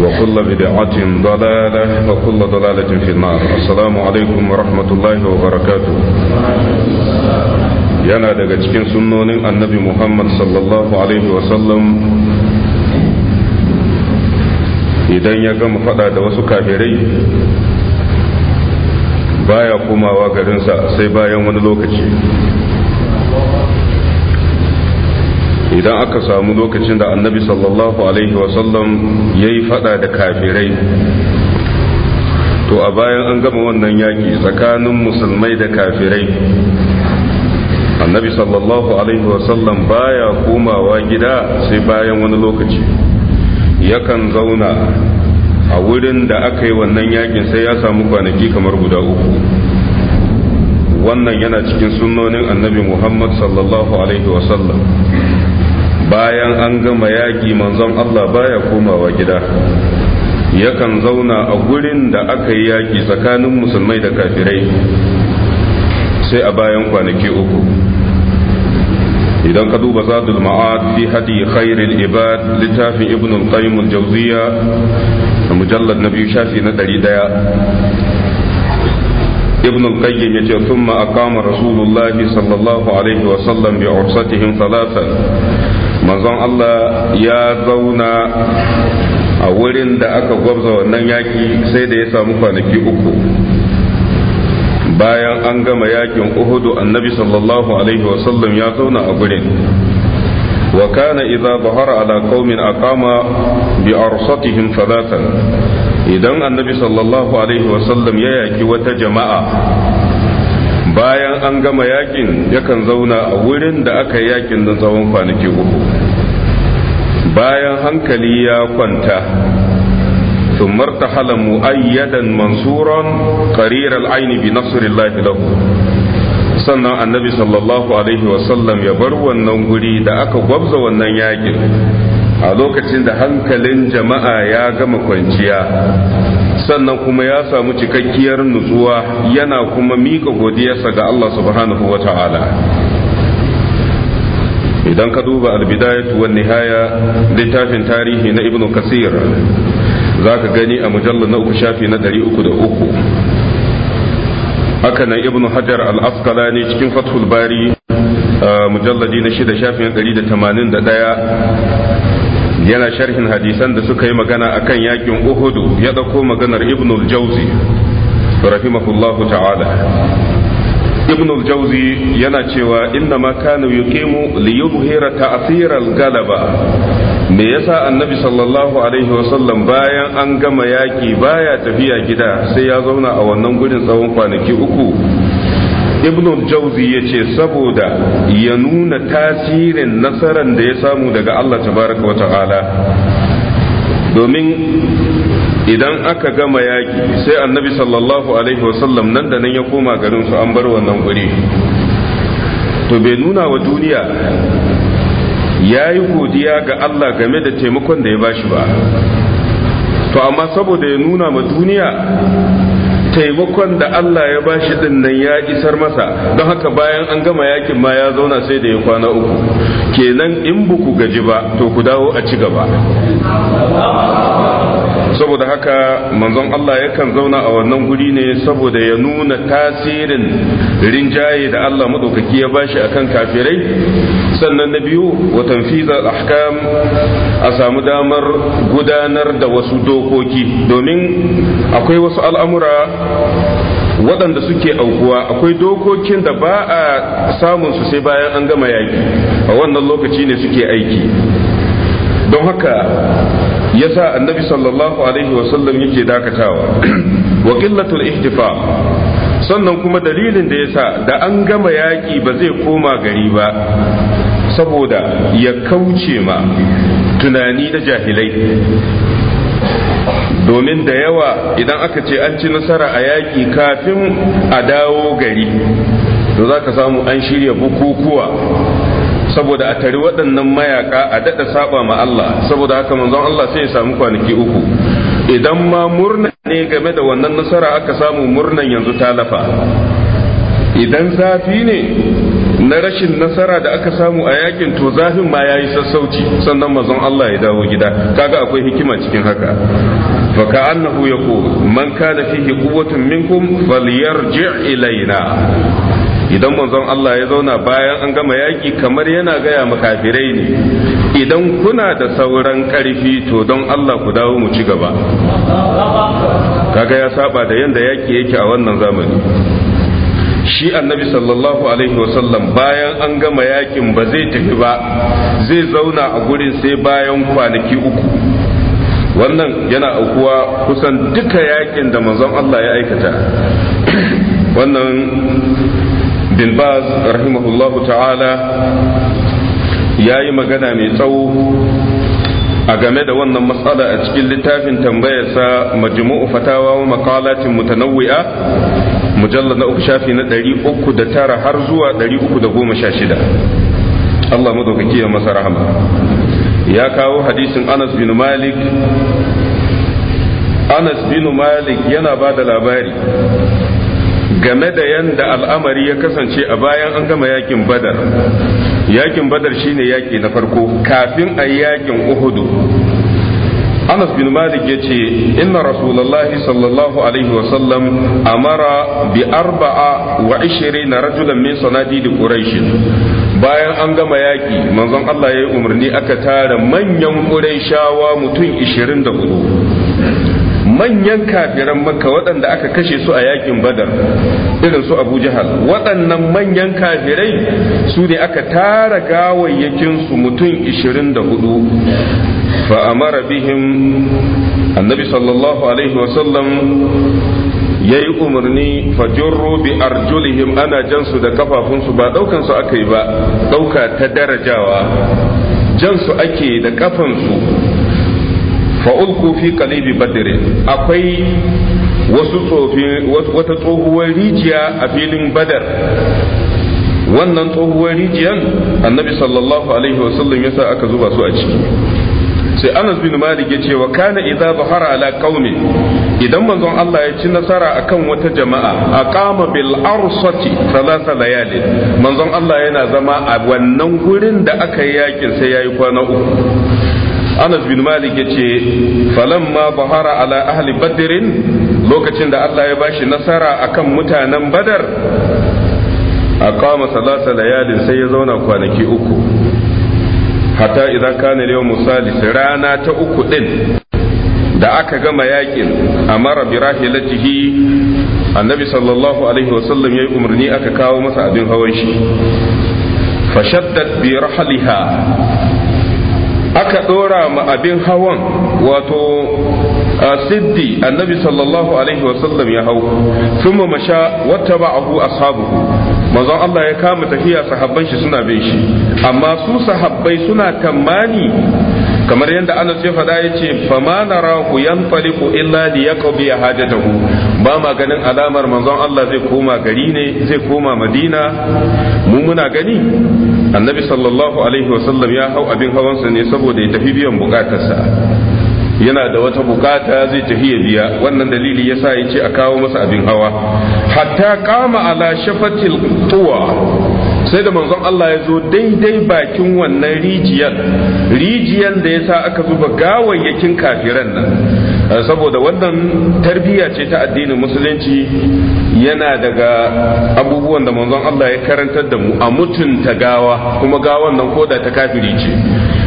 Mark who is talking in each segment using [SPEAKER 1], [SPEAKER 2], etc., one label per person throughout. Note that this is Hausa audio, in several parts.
[SPEAKER 1] وكل بدعة ضلالة وكل ضلالة في النار السلام عليكم ورحمة الله وبركاته yana daga cikin sunnonin annabi muhammad sallallahu alaihi wasallam idan ya gama fada da wasu kafirai baya komawa garinsa sai bayan wani lokaci idan aka samu lokacin da annabi sallallahu alaihi wasallam ya yi fada da kafirai to a bayan an gama wannan yaki tsakanin musulmai da kafirai annabi sallallahu alaihi wasallam baya komawa gida sai bayan wani lokaci yakan zauna a wurin da aka yi wannan yakin sai ya samu kwanaki kamar guda uku wannan yana cikin sunnonin annabi muhammad sallallahu alaihi wasallam bayan an gama yaƙi manzon Allah baya komawa gida yakan zauna a gurin da aka yi yaƙi tsakanin musulmai da kafirai sai a bayan kwanaki uku idan ka duba zadul ma'ad fi hadi khairil ibad littafin ibn al-qayyim al-jawziya da mujallad na biyu shafi na ɗari ɗaya ابن القيم يتي ثم أقام رسول الله صلى الله عليه وسلم بعرصتهم ثلاثا manzon Allah ya zauna a wurin da aka gwabza wannan yaki sai da ya samu kwanaki uku bayan an gama yakin uhudu annabi sallallahu alaihi wasallam ya zauna a gurin wa kana idza zahara ala qaumin aqama bi arsatihim salatan idan annabi sallallahu alaihi wasallam ya yaki wata jama'a bayan an gama yakin yakan zauna a wurin da aka yi yakin don tsawon kwanaki uku bayan hankali ya kwanta ثم ارتحل مؤيدا منصورا قرير العين بنصر الله له sannan annabi sallallahu alaihi wasallam ya bar wannan guri da aka gwabza wannan yakin a lokacin da hankalin jama'a ya gama kwanciya sannan kuma ya samu cikakkiyar nutsuwa yana kuma mika godiyarsa ga Allah subhanahu wa ta'ala idan ka duba albidayatu wan nihaya littafin tarihi na ibnu kasir za ka gani a mujallar na uku shafi na ɗari uku da uku haka nan ibnu hajar al-asqalani cikin fathul bari mujalladi na shida shafi na ɗari da tamanin da ɗaya yana sharhin hadisan da suka yi magana a kan yakin uhudu ya ɗauko maganar ibnu jauzi rahimahullahu ta'ala ibn al yana cewa inna ma kana yuqimu li yuzhira ta'thir al-galaba me yasa annabi sallallahu alaihi wa sallam bayan an gama yaki baya tafiya gida sai ya zauna a wannan gurin tsawon kwanaki uku ibn al-jawzi yace saboda ya nuna tasirin nasaran da ya samu daga Allah tabaraka wa ta'ala domin idan aka gama yaƙi sai annabi sallallahu alaihi wasallam nan da nan ya koma garin su an bar wannan guri to bai nuna wa duniya ya yi godiya ga Allah game da taimakon da ya bashi ba to amma saboda ya nuna ma duniya taimakon da Allah ya bashi din nan ya isar masa don haka bayan an gama yakin ma ya zauna sai da ya kwana uku kenan in buku gaji ba to ku dawo a ci gaba saboda haka manzon Allah yakan zauna a wannan guri ne saboda ya nuna tasirin rinjaye da Allah madaukaki ya bashi akan kafirai sannan na biyu wa tanfiza ahkam a samu damar gudanar da wasu dokoki domin akwai wasu al'amura waɗanda suke aukuwa akwai dokokin da ba a samun su sai bayan an gama yaki a wannan lokaci ne suke aiki don haka yasa annabi sallallahu alaihi wasallam yake dakatawa wa qillatul ihtifa sannan kuma dalilin da yasa da an gama yaƙi ba zai koma gari ba saboda ya kauce ma tunani da jahilai domin da yawa idan aka ce an ci nasara a yaƙi kafin a dawo gari to za ka samu an shirya bukukuwa saboda a tari waɗannan mayaka a daɗa saba ma Allah saboda haka manzon Allah sai ya samu kwanaki uku idan ma murna ne game da wannan nasara aka samu murnan yanzu ta lafa idan zafi ne na rashin nasara da aka samu a yakin to zafin ma yayi sassauci sannan manzon Allah ya dawo gida kaga akwai hikima cikin haka fa ka'annahu yaqul man kana fihi quwwatun minkum falyarji' ilaina idan manzon Allah ya zauna bayan an gama yaki kamar yana gaya makafirai ne idan kuna da sauran karfi to don Allah ku dawo mu ci gaba kaga ya saba da yanda yaki yake a wannan zamani shi annabi sallallahu alaihi wasallam bayan an gama yakin ba zai tafi ba zai zauna a gurin sai bayan kwanaki uku wannan yana aukuwa kusan duka yakin da manzon Allah ya aikata wannan bin baz rahimahullahu ta'ala ya yi magana mai tsawo a game da wannan matsala a cikin littafin tambayarsa majmu'u fatawa wa maqalatin mutanawwi'a mujallad na uku shafi na tara har zuwa shida Allah madaukaki ya masa rahama ya kawo hadisin Anas bin Malik Anas bin Malik yana ba da labari game da yanda al'amari ya kasance a bayan an gama yakin badar yakin badar shine yaki na farko kafin a yakin uhudu anas bin malik ya ce inna rasulallahi sallallahu alaihi wasallam amara bi arba'a wa na rajulan min sanadi da quraish bayan an gama yaki manzon Allah ya yi umarni aka tara manyan quraishawa mutum ishirin da hudu. manyan kafiran makka waɗanda aka kashe su a yakin badar irin su abu jahal waɗannan manyan kafirai su ne aka tara su mutum 24 fa'amara bihim annabi sallallahu alaihi wasallam ya yi umarni fajirru bi arjulihim ana jansu da kafafunsu ba ɗaukansu aka yi ba ɗauka ta darajawa jansu ake da kafansu fa'ul ulku fi qalibi badr akwai wasu wata tsohuwar rijiya a filin badar wannan tsohuwar rijiyan annabi sallallahu alaihi wasallam yasa aka zuba su a ciki sai anas bin malik ya ce wa kana idza zahara ala qaumi idan manzon Allah ya ci nasara akan wata jama'a aqama bil arsati thalatha layali manzon Allah yana zama a wannan gurin da aka yi yakin sai yayi kwana uku anas bin malik ya ce falamma bahara ala ahli badirin lokacin da allah ya bashi nasara akan mutanen badar a kama salasa layalin sai ya zauna kwanaki uku Hata idan kana yau musalis rana ta uku din da aka gama yakin a mara birahilatihi annabi sallallahu alaihi wasallam ya yi umarni aka kawo masa abin hawan shi fashaddad bi rahaliha aka ɗora ma abin hawan wato siddi annabi sallallahu alaihi wasallam ya hau ba masha wattaba'ahu ashabuhu manzon Allah ya kama tafiya sahabban shi suna bin shi amma su sahabbai suna tamani kamar yadda Anas ya faɗa yace fama narahu yanfaliqu illa li yaqbi hajatahu ba ma ganin alamar manzon Allah zai koma gari ne zai koma Madina mu muna gani annabi sallallahu alaihi wasallam ya hau abin hawansa ne saboda ya tafi biyan bukatarsa yana da wata bukata zai tafi ya biya wannan dalili yasa yace a kawo masa abin hawa hatta kama ala shafatil tuwa sai da manzon Allah ya zo daidai bakin wannan rijiyar rijiyar da ya sa aka zuba gawayyakin kafiran nan eh, saboda wannan tarbiyya ce ta addinin musulunci yana daga abubuwan da manzon Allah ya karantar da mu a mutunta gawa kuma gawan nan koda ta kafiri ce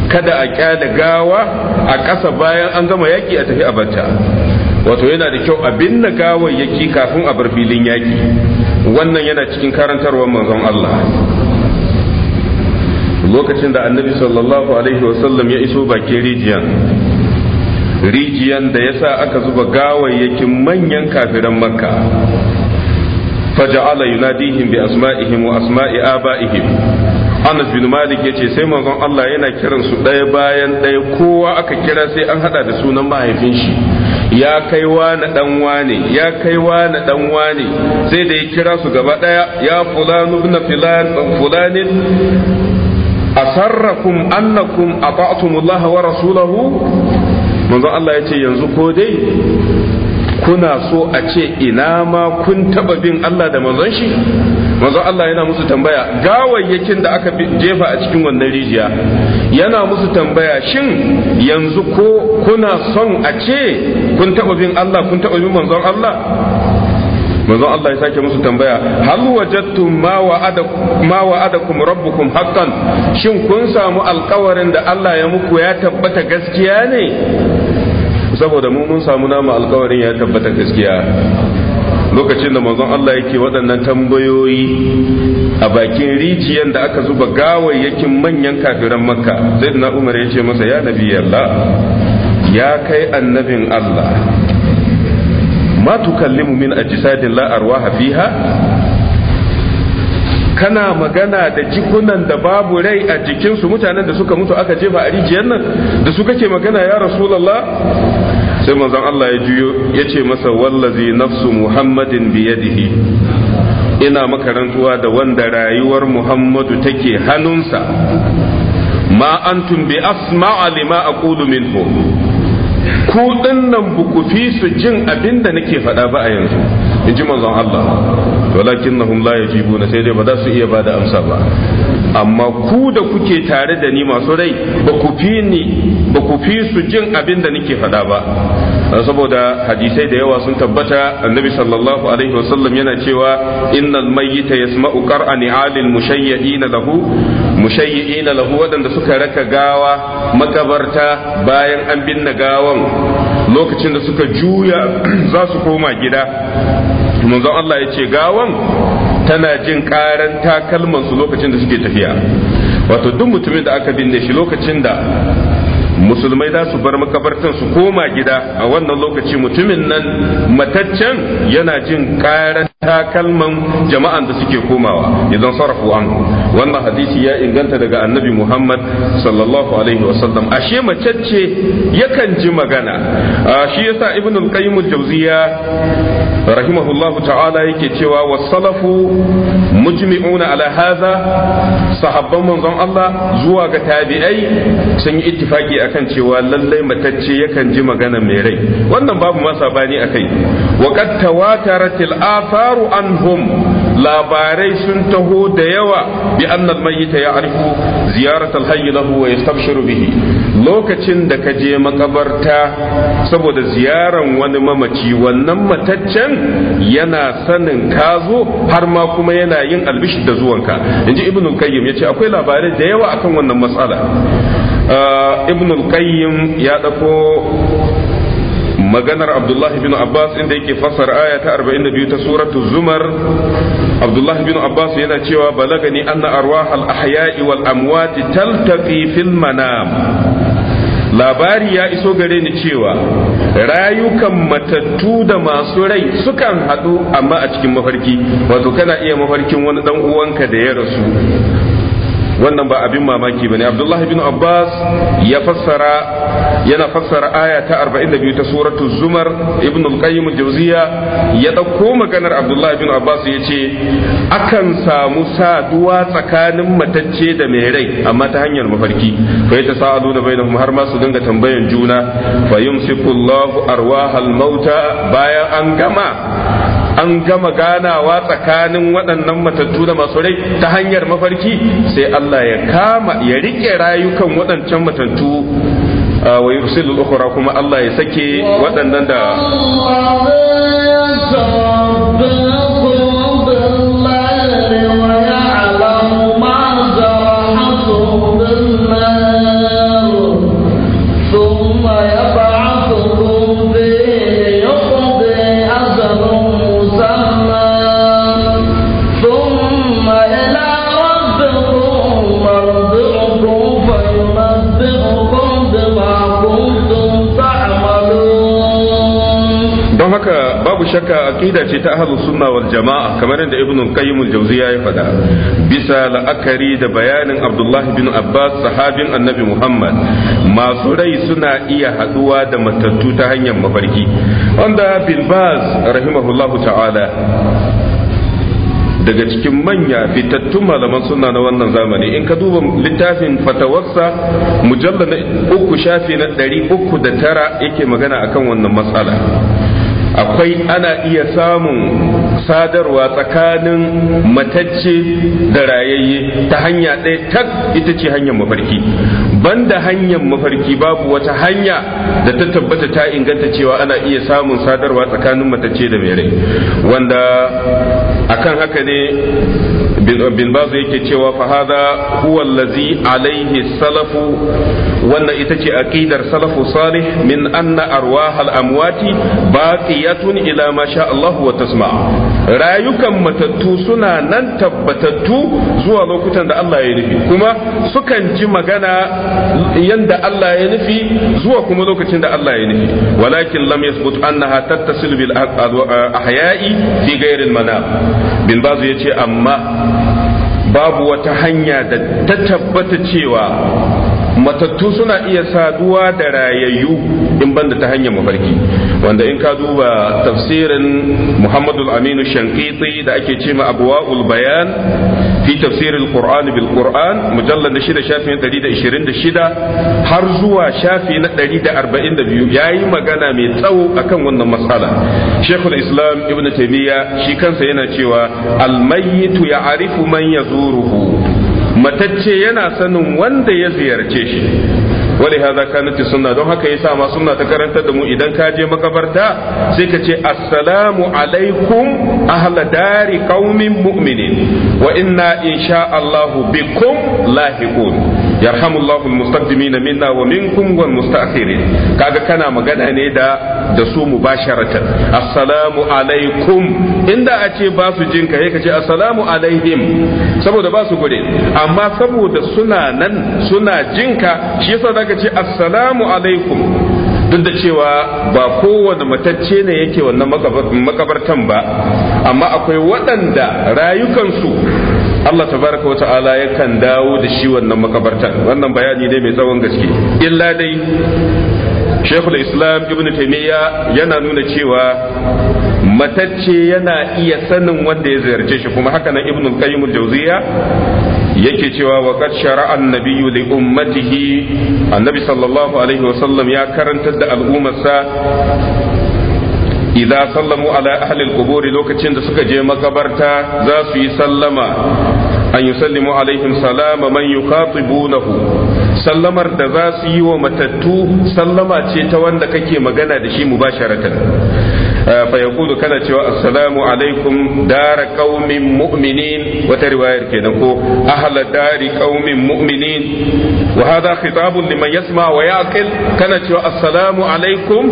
[SPEAKER 1] kada a kyada gawa a ƙasa bayan an gama yaƙi a tafi a bata wato yana da kyau abin binne gawayyaki kafin a bar filin yaƙi wannan yana cikin karantarwar manzon Allah lokacin da annabi sallallahu alaihi wasallam ya iso bakin rijiyan rijiyan da ya sa aka zuba gawayyakin manyan kafiran makka faja'ala yunadihim bi asma'ihim wa asma'i aba'ihim Anas bin Malik ya ce sai manzon Allah yana kiransu su ɗaya bayan ɗaya kowa aka kira sai an hada da sunan mahaifin shi ya kai na dan wane ya kai na dan wane sai da ya kira su gaba daya ya fulanu ibn filan fulanin asarrakum annakum ata'tumullah wa rasulahu manzo Allah ya ce yanzu ko dai kuna so a ce ina ma kun taba bin Allah da manzon shi manzon Allah yana musu tambaya gawayyakin da aka jefa a cikin wannan rijiya yana musu tambaya shin yanzu ko kuna son a ce kun taba bin Allah kun taba bin manzon Allah manzon Allah ya sake musu tambaya hal wajadtum ma wa'ada ma wa'adakum rabbukum haqqan shin kun samu alƙawarin da Allah ya muku ya tabbata gaskiya ne saboda mu mun samu namu alkawarin ya tabbata gaskiya lokacin da manzon Allah yake waɗannan tambayoyi a bakin rijiyar da aka zuba gawayyakin manyan kafiran makka sai na umar ya ce masa ya nabi Allah ya kai annabin Allah ma tukallimu min ajsadin la arwaha fiha kana magana da jikunan da babu rai a jikinsu mutanen da suka mutu aka jefa a rijiyar nan da su kake magana ya rasulullah sai manzon Allah ya juyo ya ce masa wallazi nafsu muhammadin biyadihi ina maka rantsuwa da wanda rayuwar muhammadu take hannunsa ma antum bi asma'a lima aqulu minhu ku dinnan buku fi su jin abin da nake faɗa ba a yanzu in manzon Allah walakinnahum la yajibuna sai dai ba za su iya bada amsa ba amma ku da kuke tare da ni masu rai ba ku fi ni ba ku fi su jin abin da nake faɗa ba saboda hadisai da yawa sun tabbata annabi sallallahu alaihi wasallam yana cewa innal mayyita yasma'u qar'a ni'alil mushayyi'ina lahu mushayyi'ina lahu wadanda suka raka gawa makabarta bayan an binne gawan lokacin da suka juya za su koma gida manzon Allah ya ce gawan tana jin karan takalman su lokacin da suke tafiya wato duk mutumin da aka binne shi lokacin da musulmai za su bar makabartan su koma gida a wannan lokaci mutumin nan mataccen yana jin karan takalman jama'an da suke komawa idan sarrafu an wannan hadisi ya inganta daga annabi muhammad sallallahu alaihi wasallam ashe macece yakan ji magana shi yasa ibn al-qayyim al-jawziya rahimahullahu ta'ala yake cewa wa salafu na ala haza sahabban manzon Allah zuwa ga tabi'ai sun yi ittifaki akan cewa lallai matacce yakan ji magana mai rai wannan babu ma sabani akai wa qad tawataratil atharu anhum labarai sun taho da yawa bi annal mayyita ya'rifu ziyaratal hayy lahu wa yastabshiru bihi lokacin da ka je makabarta saboda ziyaran wani mamaci wannan mataccen yana sanin ka zo har ma kuma yana yin albishir da zuwanka inji ibnul qayyim ce akwai labarai da yawa akan wannan matsala ah, ibnul qayyim ya ɗako maganar abdullahi bin abbas inda yake fasar aya ta 42 ta suratu zumar abdullahi bin abbas yana cewa balagani anna arwahal ahya'i wal amwati taltafi fil manam labari ya iso gare ni cewa rayukan matattu da masu rai sukan haɗu amma a cikin mafarki wato kana iya mafarkin wani dan uwanka da ya rasu wannan ba abin mamaki ba ne Abdullah bin Abbas ya fassara yana fassara aya ta 42 ta suratul Zumar Ibn al-Qayyim al-Jawziya ya dauko maganar Abdullah bin Abbas ya ce akan samu saduwa tsakanin matacce da mai rai amma ta hanyar mafarki fa ta sa'adu da bainahum har ma su dinga tambayan juna fa yumsiku Allahu arwahal mauta bayan an gama an gama ganawa tsakanin waɗannan matattu da masu rai ta hanyar mafarki sai Allah ya kama ya rike rayukan waɗancan matattu wa yursilu ukhra kuma Allah ya sake waɗannan da babu shakka aqida ce ta ahlus sunna wal jama'a kamar yadda ibnu qayyim al ya ya faɗa bisa la'akari da bayanin abdullahi bin abbas sahabin annabi muhammad masu rai suna iya haduwa da matattu ta hanyar mafarki wanda bin baz ta'ala daga cikin manya fitattun malaman suna na wannan zamani in ka duba littafin fatawarsa mujallar na uku shafi na ɗari uku da tara yake magana akan wannan matsala akwai ana iya samun sadarwa tsakanin matacce da rayayye ta hanya ɗaya tak ita ce hanyar mafarki banda hanyar mafarki babu wata hanya da ta tabbata ta inganta cewa ana iya samun sadarwa tsakanin matacce da mai rai wanda akan haka ne bin bazu yake cewa fahada huwallazi alaihi salafu wannan ita ce aqidar salafu salih min anna arwahal amwati baqi hayatun ila ma sha wa tasma rayukan matattu suna nan tabbatattu zuwa lokutan da Allah ya nufi kuma sukan ji magana yanda Allah ya nufi zuwa kuma lokacin da Allah ya nufi walakin lam yasbut annaha tattasil bil ahya'i fi ghairi al manam bin bazu yace amma babu wata hanya da ta tabbata cewa matattu suna iya saduwa da rayayyu in banda ta hanyar mafarki wanda in ka duba tafsirin muhammadu aminu shankiti da ake ce ma abuwa'ul bayan fi tafsirin qur'an bil qur'an mujallar da shida shafi na 126 har zuwa shafi na 142 yi magana mai tsawo akan wannan matsala shekul islam ibn taimiyya shi kansa yana cewa al mayyitu arifu man yazuruhu matacce yana sanin wanda ya ziyarce shi wani haza kanati sunna don haka yasa ma sunna ta karantar da mu idan ka je makabarta sai ka ce assalamu alaikum ahla dari qaumin mu'minin wa inna insha allahu bikum lahiqun yarhamullahu almustaqdimina minna wa minkum wal mustaakhirin kaga kana magana ne da da su mubasharatan assalamu alaikum inda a ce ba su jin ka kace assalamu alaihim saboda ba su gode amma saboda suna nan suna jinka shi yasa zaka ce assalamu alaikum duk da cewa ba kowane matacce ne yake wannan makabartan ba amma akwai waɗanda rayukansu Allah tabaraka wa ta'ala yakan dawo da shi wannan makabartar wannan bayani ne mai tsawon gaske illa dai Sheikhul Islam Ibn Taimiyya yana nuna cewa matacce yana iya sanin wanda ya ziyarce shi kuma haka nan Ibn Qayyim al-Jawziyya yake cewa wa qad shara'a an-nabiyyu li ummatihi annabi sallallahu alaihi wasallam ya karantar da al'ummarsa idza sallamu ala ahli al lokacin da suka je makabarta za su yi sallama an yusallimu alaihim salama man yukhatibunahu sallamar da za su yi wa matattu sallama ce ta wanda kake magana da shi mubasharatan Eh, fa yaqulu kana cewa assalamu alaikum dar qaumin mu'minin wata riwayar kenan ko ahla dari qaumin mu'minin wa hadha khitabun liman yasma wa cewa alaikum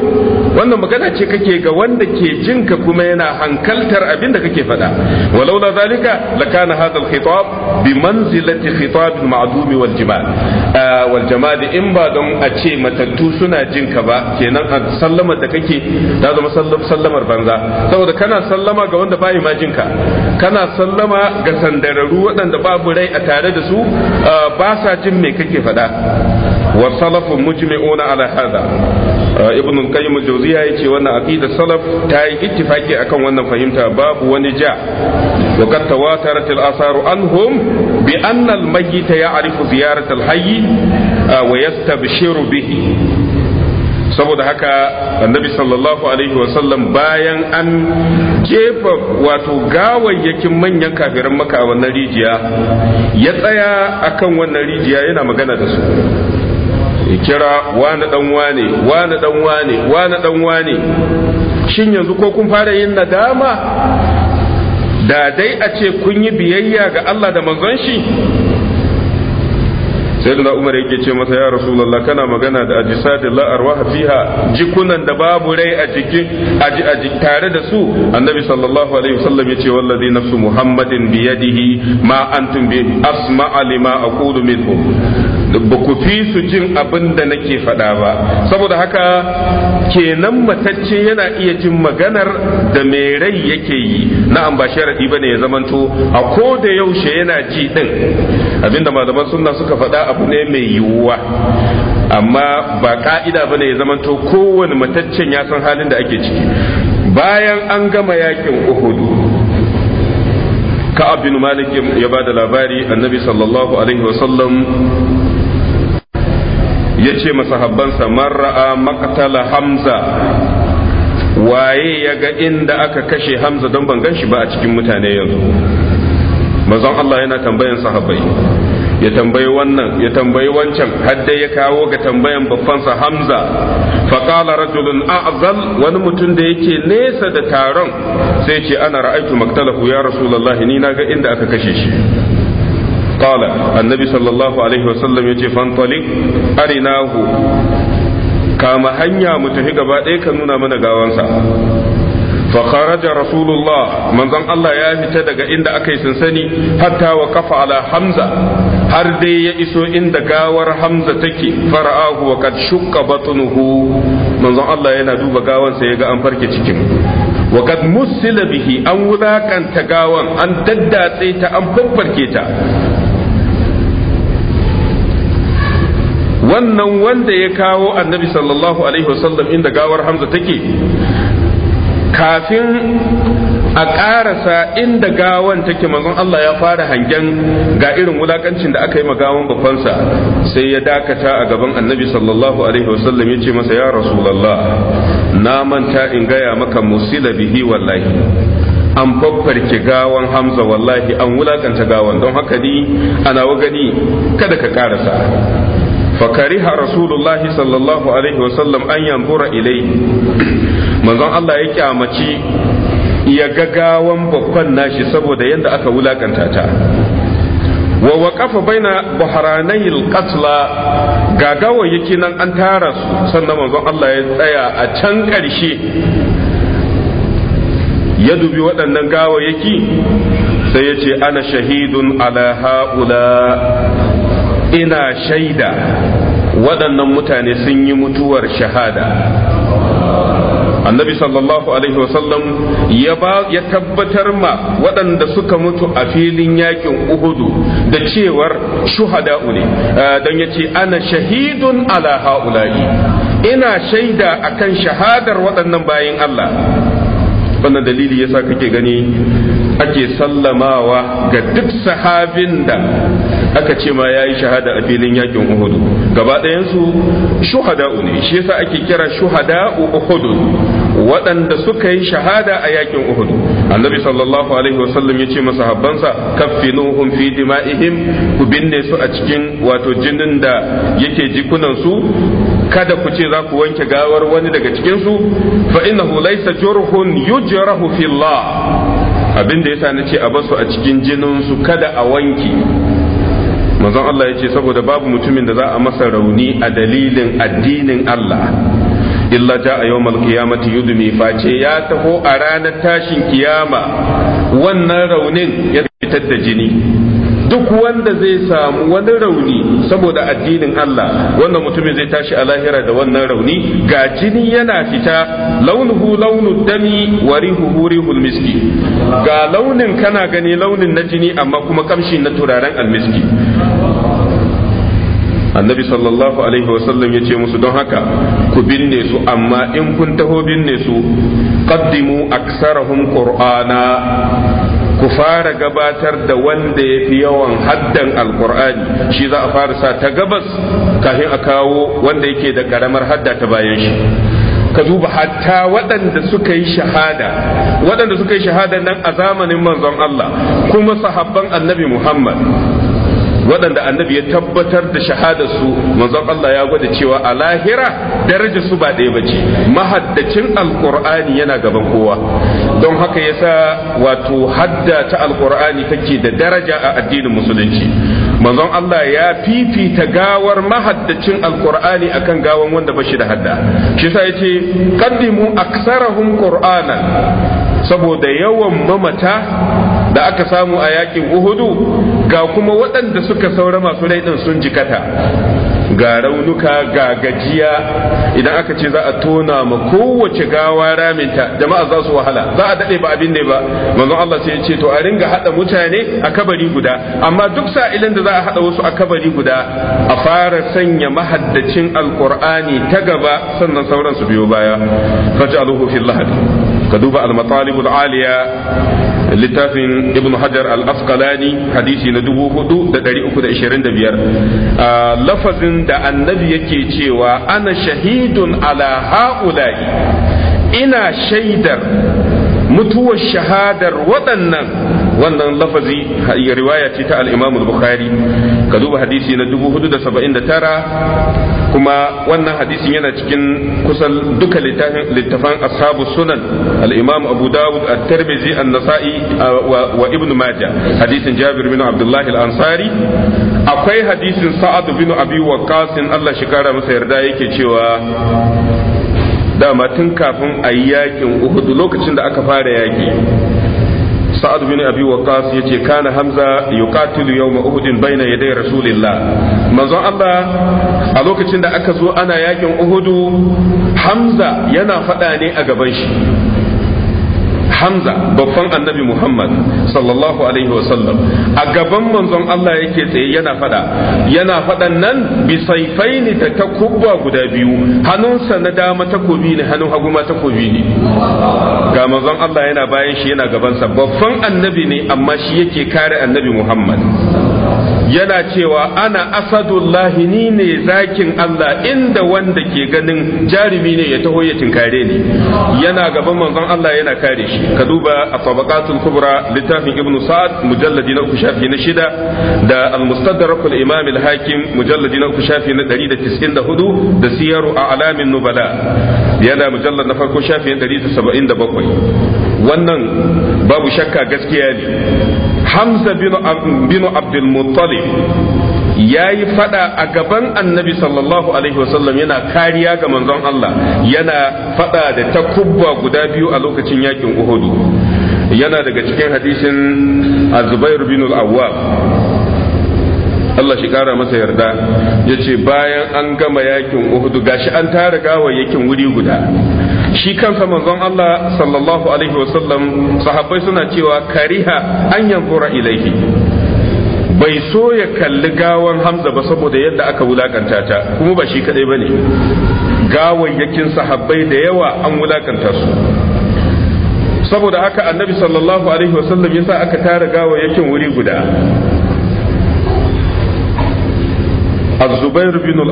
[SPEAKER 1] wannan magana ce kake ga wanda ke jinka kuma yana hankaltar abin da kake faɗa walaula zalika lakana hadha alkhitab bi manzilati khitab al-ma'dum wal jimal eh, wal jamal in ba don a ce matattu suna jinka ba kenan sallama da kake da zama sallamar banza saboda kana sallama ga wanda bai majinka kana sallama ga sandararru waɗanda babu rai a tare da su ba sa jin me kake faɗa wa salafun mujmi'una ala hada ibn ya qayyim al-jawziya yace wannan aqida salaf ta yi ittifaki akan wannan fahimta babu wani ja wa qad tawatarat al-asaru anhum bi anna al-mayyit ya'rifu ziyarat al-hayy wa yastabshiru bihi saboda haka annabi sallallahu alaihi wasallam bayan an jefa wato gawayyakin manyan kafiran maka a wannan rijiya ya tsaya akan wannan rijiya yana magana da su kira wani dan wane wani dan wane wani dan wane shin yanzu ko kun fara yin nadama da dai a ce kun yi biyayya ga Allah da manzon shi sayyidina umar yake ce masa ya rasulullah kana magana da ajisadi la arwaha fiha jikunan da babu rai a jiki a tare da su annabi sallallahu alaihi wasallam yace wallazi nafsu muhammadin bi yadihi ma antum bi a kudu aqulu minhu ba ku fi su jin abin da nake faɗa ba saboda haka kenan matacce yana iya jin maganar da mai rai yake yi na'am ba sharadi ya zamanto a ko da yaushe yana ji din abinda malaman sunna suka faɗa a abu ne mai yiwuwa amma ba ka'ida ba ne ya zamanto kowane mataccen ya san halin da ake ciki bayan an gama yakin uhudu ka'ab bin malik ya ba da labari annabi sallallahu alaihi wasallam ya ce masahabbansa marra'a maqtala hamza waye ya ga inda aka kashe hamza don ban gan shi ba a cikin mutane yanzu mazan Allah yana tambayan sahabbai ya tambayi wannan ya tambayi wancan hadda ya kawo ga tambayan babbansa hamza faƙala rajulun a'zal wani mutum da yake nesa da taron sai ce ana ra'aitu maktalahu ya rasulullahi ni na ga inda aka kashe shi قال النبي صلى الله عليه وسلم يجي فانطلق أرناه كما هنيا متهيغا بعدين كنونا من غاوانسا فخرج رسول الله من ظن الله يا فتدق عند أكي سنسني حتى وقف على حمزة har dai ya iso inda gawar hamza take fara'ahu wa kad shukka batnuhu manzon Allah yana duba gawan sa ya ga an farke cikin wa kad musila bihi an wulakanta gawan an daddatse ta an farfarke ta wannan wanda ya kawo annabi sallallahu alaihi wasallam inda gawar hamza take kafin a ƙarasa inda gawan take manzon Allah ya fara hangen ga irin wulakancin da aka yi ma gawan bafansa sai ya dakata a gaban annabi sallallahu alaihi wasallam ya ce masa ya rasulallah na manta in gaya maka musila bihi wallahi an faffarke gawan hamza wallahi an wulakanta gawan don haka ni ana gani kada ka karasa fakariha rasulullahi sallallahu alaihi wasallam an yanzura ilai manzon Allah ya kyamaci ya gagawan babban nashi saboda yadda aka wulakanta ta wa waƙafa baina buharanai alƙatla gagawayyaki nan an tara su sannan manzon Allah ya tsaya a can ƙarshe ya dubi waɗannan gawayyaki sai ya ce ana shahidun ala ha'ula ina shaida waɗannan mutane sun yi mutuwar shahada annabi sallallahu alaihi wasallam ya tabbatar ma waɗanda suka mutu a filin yakin uhudu da cewar shuhada'u ne ah, don ya ce ana shahidun ala ha'ula'i ina shaida akan shahadar waɗannan bayin Allah wannan dalili yasa kake gani ake sallamawa ga duk sahabin da aka ce ma yayi shahada a filin yakin Uhud gaba ɗayansu shuhada'u ne shi yasa ake kira shuhada'u Uhud waɗanda suka yi shahada a yakin Uhud annabi sallallahu alaihi wasallam ya ce masahabbansa kaffinuhum fi dima'ihim ku binne su a cikin wato jinin da yake jikunan su kada ku ce za ku wanke gawar wani daga cikin su fa innahu laysa jurhun yujrahu fillah abin da yasa nace a basu a cikin jinin su kada a wanke manzon Allah ya ce saboda babu mutumin da za a masa rauni a dalilin addinin Allah illa a yawmal qiyamati yudmi face ya taho a ranar tashin kiyama wannan raunin ya fitar da jini duk wanda zai samu wani rauni saboda addinin Allah wannan mutumin zai tashi a lahira da wannan rauni ga jini yana fita launuhu launu dami wa rihuhu rihul miski ga launin kana gani launin na jini amma kuma kamshin na turaren almiski annabi sallallahu alaihi wasallam ya ce musu don haka ku binne su amma in kun taho binne su qaddimu aksarahum qur'ana ku fara gabatar da wanda ya fi yawan haddan alqur'ani shi za a fara sa ta gabas kafin a kawo wanda yake da karamar hadda ta bayan shi ka duba hatta waɗanda suka yi shahada waɗanda suka yi shahada nan a zamanin manzon Allah kuma sahabban annabi Muhammad waɗanda annabi ya tabbatar da shahadar su manzon Allah ya gwada cewa a lahira daraja su ba ɗaya bace mahaddacin alqur'ani yana gaban kowa don haka yasa wato hadda ta alqur'ani take da daraja a addinin musulunci manzon Allah ya fifita gawar mahaddacin alqur'ani akan gawan wanda bashi da hadda shi yasa yace qaddimu aksarahum qur'ana saboda yawan mamata da aka samu a yakin uhudu ga kuma waɗanda suka saura masu raiɗin sun jikata ga raunuka ga gajiya idan aka ce za a tona ma kowace gawa raminta jama'a za su wahala za a daɗe ba abin ne ba manzon Allah sai ya ce to a ringa haɗa mutane a kabari guda amma duk sa'ilin da za a haɗa wasu a kabari guda a fara sanya mahaddacin alqur'ani ta gaba sannan sauran su biyo baya faj'aluhu fil lahad ka duba al-matalib al littafin ibn hajar al askalani hadisi na 4325 lafazin da annabi yake cewa ana shahidun ala ha'ula'i ina shaidar mutuwar shahadar waɗannan wannan lafazi riwaya ce ta alimamu bukhari ka duba hadisi na 479 kuma wannan hadisin yana cikin kusan duka littafan ashabu sunan al-Imam Abu Dawud a an-Nasa'i wa Ibn maja hadisin Jabir bin abdullahi al'ansari. akwai hadisin Sa'ad bin Abi Waqqas Allah shi kara masa yarda yake cewa dama tun kafin a yi yakin uhudu lokacin da aka fara yaki sa'ad bin abi waqas yace kana hamza yuqatilu yawma uhud bayna yaday rasulillah manzon Allah a lokacin da aka zo ana yakin uhudu hamza yana fada ne a gaban shi hamza babban annabi muhammad sallallahu alaihi wasallam a gaban manzon allah yake tsaye yana fada yana fadan nan bisaifai ne ta takubba guda biyu hannunsa na dama takobi ne hannun hagu ma takobi ne ga manzon allah yana bayan shi yana gabansa babban annabi ne amma shi yake kare annabi muhammad yana cewa ana asadullahi ni ne zakin Allah inda wanda ke ganin jarumi ne ya taho ya tinkare ni yana gaban manzon Allah yana kare shi ka duba a tabaqatul kubra littafin ibnu sa'ad mujalladi na uku shafi na shida da al-mustadrakul imam al-hakim mujalladi na uku shafi na 194 da siyaru a'lamin nubala yana mujallar na farko shafiyan 177 wannan babu shakka gaskiya ne hamza bin abdul muttalib ya yi fada a gaban annabi sallallahu alaihi wasallam yana kariya ga manzon Allah yana fada da takubba guda biyu a lokacin yakin uhudu yana daga cikin hadisin azubair bin al Allah shi kara masa yarda ya ce bayan an gama yakin uhudu gashi an tara gawayyakin wuri guda shi kansa manzon Allah sallallahu alaihi wasallam sahabbai suna cewa kariha an yankura ilaihi bai so ya kalli gawan hamza ba saboda yadda aka wulakanta ta kuma ba shi kadai bane gawayyakin sahabbai da yawa an wulakanta su saboda haka annabi sallallahu alaihi wasallam yasa aka tara gawayyakin wuri guda az-zubair bin al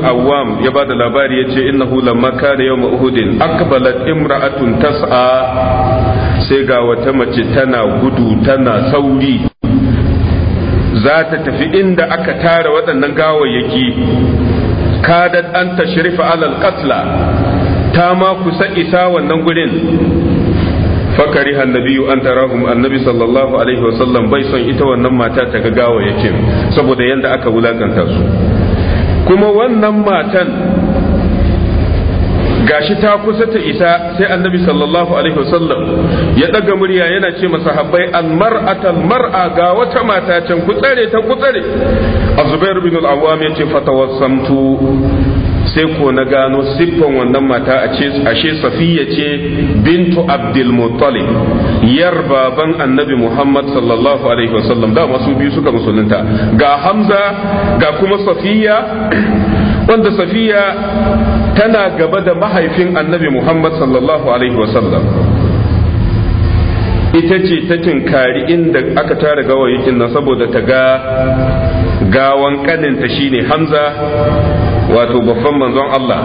[SPEAKER 1] ya ba da labari yace innahu lamma kana yawm uhud aqbalat imra'atun tas'a sai ga wata mace tana gudu tana sauri Zata tafi inda aka tara waɗannan gawayyaki kadat an tashrifa alal qatla ta ma kusa isa wannan gurin fakari annabiyu an tarahum annabi sallallahu alaihi wasallam bai son ita wannan mata ta ga gawayakin saboda yadda aka wulakanta su kuma wannan matan gashi ta kusa ta isa sai annabi sallallahu alaihi wasallam ya daga murya yana ce masa habbai almar'ata mar'a ga wata mata can kutsare ta ku tsare azubair bin al-awwam yace fatawassamtu sai ko na gano siffan wannan mata a ashe safiya ce bintu Abdul muttalib yar baban annabi muhammad sallallahu alaihi wasallam da masu biyu suka musulunta ga hamza ga kuma safiya wanda safiya tana gaba da mahaifin annabi muhammad sallallahu alaihi wasallam ita ce ta tinkari inda aka tara gawayyakin nan saboda ta ga gawan kaninta shine hamza wato babban manzon Allah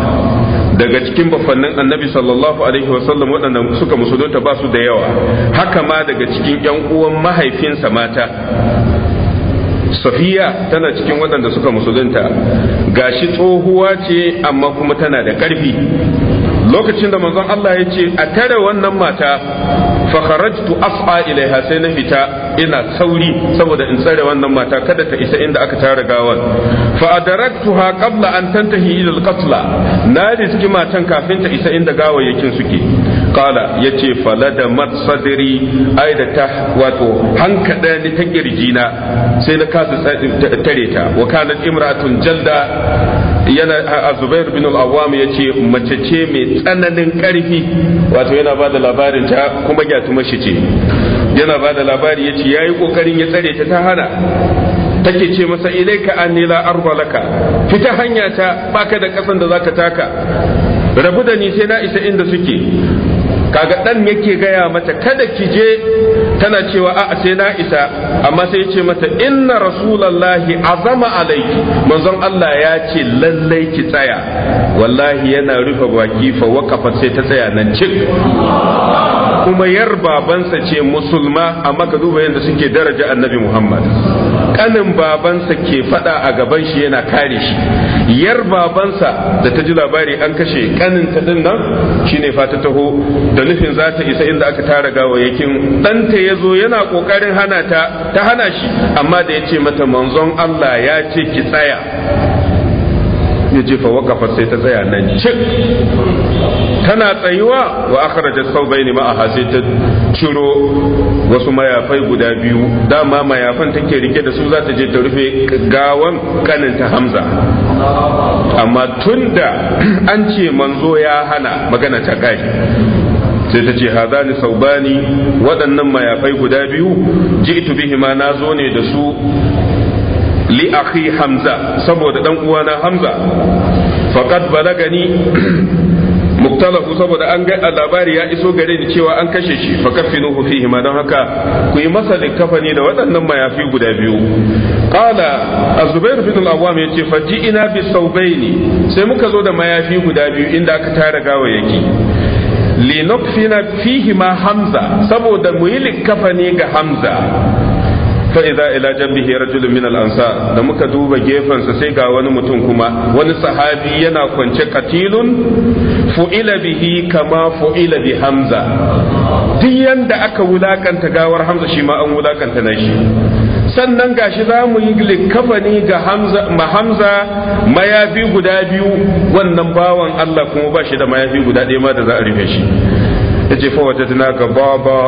[SPEAKER 1] daga cikin bafannin annabi sallallahu alaihi wasallam waɗanda suka musulunta ba su da yawa haka ma daga cikin yan uwan mahaifinsa mata safiya tana cikin waɗanda suka musulunta gashi tsohuwa ce amma kuma tana da ƙarfi lokacin da manzon Allah ya ce a tare wannan mata fa kharajtu as'a ilaiha sai na fita ina sauri saboda in tsare wannan mata kada ta isa inda aka tara gawan fa adaraktuha qabla an tantahi ila al na riski matan kafin ta isa inda gawayyakin suke qala yace falada matsadiri ai da ta wato hankada ni ta na sai na kasa tare ta wakana kanat imratun jalda yana azubair bin al-awwam yace mace ce mai tsananin karfi wato yana bada labarin ta kuma gyatuma shi ce yana bada labari yace yayi kokarin ya tsare ta hana take ce masa ilaika anni la arda laka fita hanya ta baka da ƙasan da zaka taka rabu da ni sai na isa inda suke kaga dan yake gaya mata kada ki je tana cewa a sai na isa amma sai ce mata inna rasulallahi azama alaiki manzon Allah ya ce lallai ki tsaya wallahi yana rufe baki fa wakafa sai ta tsaya nan cik kuma yar babansa ce musulma amma ka duba yadda suke daraja annabi Muhammad kanin babansa ke fada a gaban shi yana kare shi yar babansa da ta ji labari an kashe kanin ta din nan shine fata taho da nufin za ta isa inda aka tara gawayyakin ɗanta ya zo yana kokarin hana ta ta hana shi amma da yace mata manzon Allah ya ce ki tsaya ya jefa wakafa sai ta tsaya nan cik tana tsayuwa wa akhrajat thawbayn ma'aha sai ta ciro wasu mayafai guda biyu dama mayafan take rike da su za ta je ta rufe gawan kanin ta Hamza amma tunda an ce manzo ya hana magana ta kai sai ta ce hazani saubani waɗannan mayafai guda biyu ji'tu bihima na zo ne da su li akhi hamza saboda dan uwana hamza faqad balagani ku saboda an ga a labari ya iso gare ni cewa an kashe shi fa hu fihi ma don haka ku yi masa likafani da waɗannan mayafi guda biyu qala azubair bin al-awwam yace ina bi saubaini sai muka zo da mayafi guda biyu inda aka tara gawayaki linukfina fihi ma hamza saboda muyi yi likafani ga hamza fa idza ila jambihi rajulun min da muka duba gefensa sai ga wani mutum kuma wani sahabi yana kwance katilun fu'ila bihi kama fu'ila bi hamza duk yanda aka wulakanta gawar hamza shi ma an wulakanta na shi sannan gashi za mu yi likafani ga hamza ma hamza mayafi guda biyu wannan bawan Allah kuma ba shi da mayafi guda ɗaya ma da za a rufe shi yace fa wajadna gababa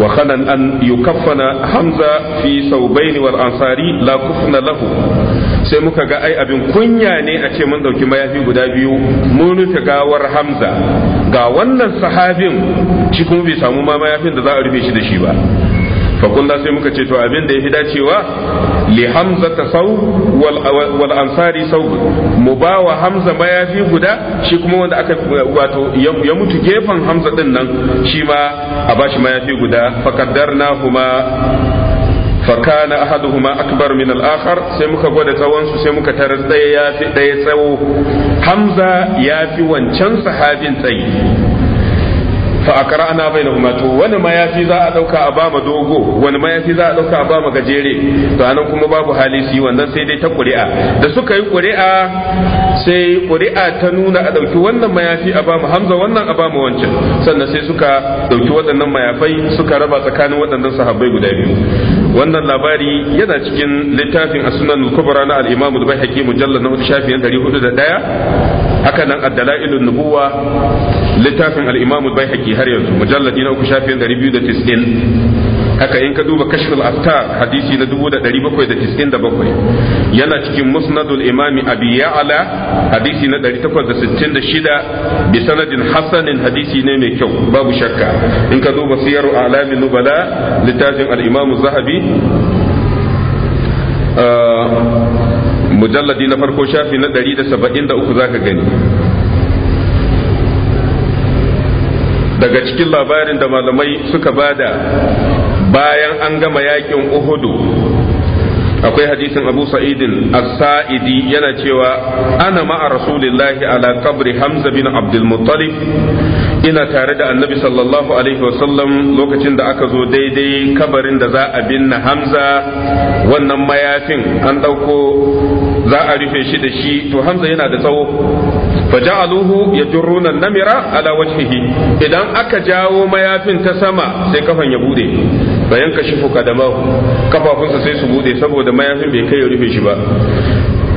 [SPEAKER 1] وخنا أن يكفن حمزة في ثوبين والأنصاري لا كفن له sai muka ga ai abin kunya ne a ce mun ɗauki mayafi guda biyu mun rufe gawar hamza ga wannan sahabin shi kuma bai samu ma mayafin da za a rufe shi da shi ba fakunna sai muka ce to abin da ya fi dacewa li hamza ta sau wal ansari sau mu ba wa hamza mayafi guda shi kuma wanda aka wato ya mutu gefen hamza din nan shi ma a bashi mayafi guda fakaddarna huma فكان أحدهما أكبر sai muka سيمك tsawonsu sai muka ترزدي يافي tsawo hamza ya fi wancan sahabin tsayi. fa aqra'na bainahuma to wani mayafi za a dauka a bama dogo wani mayafi za a dauka a bama gajere to anan kuma babu hali su yi wannan sai dai ta ƙuri'a da suka yi ƙuri'a sai ƙuri'a ta nuna a dauki wannan mayafi a bama hamza wannan a bama wancan sannan sai suka dauki waɗannan mayafai suka raba tsakanin waɗannan sahabbai guda biyu wannan labari yana cikin littafin as-sunan al-kubra na al-imam al-baihaqi mujallad na shafi haka nan addala'ilun nubuwa littafin al bai al har yanzu mujalladi na uku shafin 290 haka in ka duba kashful aftar hadisi na dubu da da da ɗari bakwai bakwai yana cikin musnadul imami abi ya'ala hadisi na ɗari takwas da sittin 866 bi sanadin hasanin hadisi ne mai kyau babu shakka in ka duba siyaru alamin nubala littafin al-imam zahabi uh, mujalladi na farko shafi na 173 zaka gani daga cikin labarin da malamai suka bada bayan an gama yakin uhudu akwai hadisin abu sa'idin as-sa'idi yana cewa ana ma'a rasulillahi ala kabri hamza bin abdul muttalib ina tare da annabi sallallahu alaihi wasallam lokacin da aka zo daidai kabarin da za a binne hamza wannan mayafin an ɗauko za a rufe shi da shi to hamza yana da tsawo faja'aluhu yajruna namira ala wajhihi idan aka jawo mayafin ta sama sai kafan ya bude bayan ka shifu kadamahu kafafunsa sai su bude saboda saboda mayafin bai kai ya rufe shi ba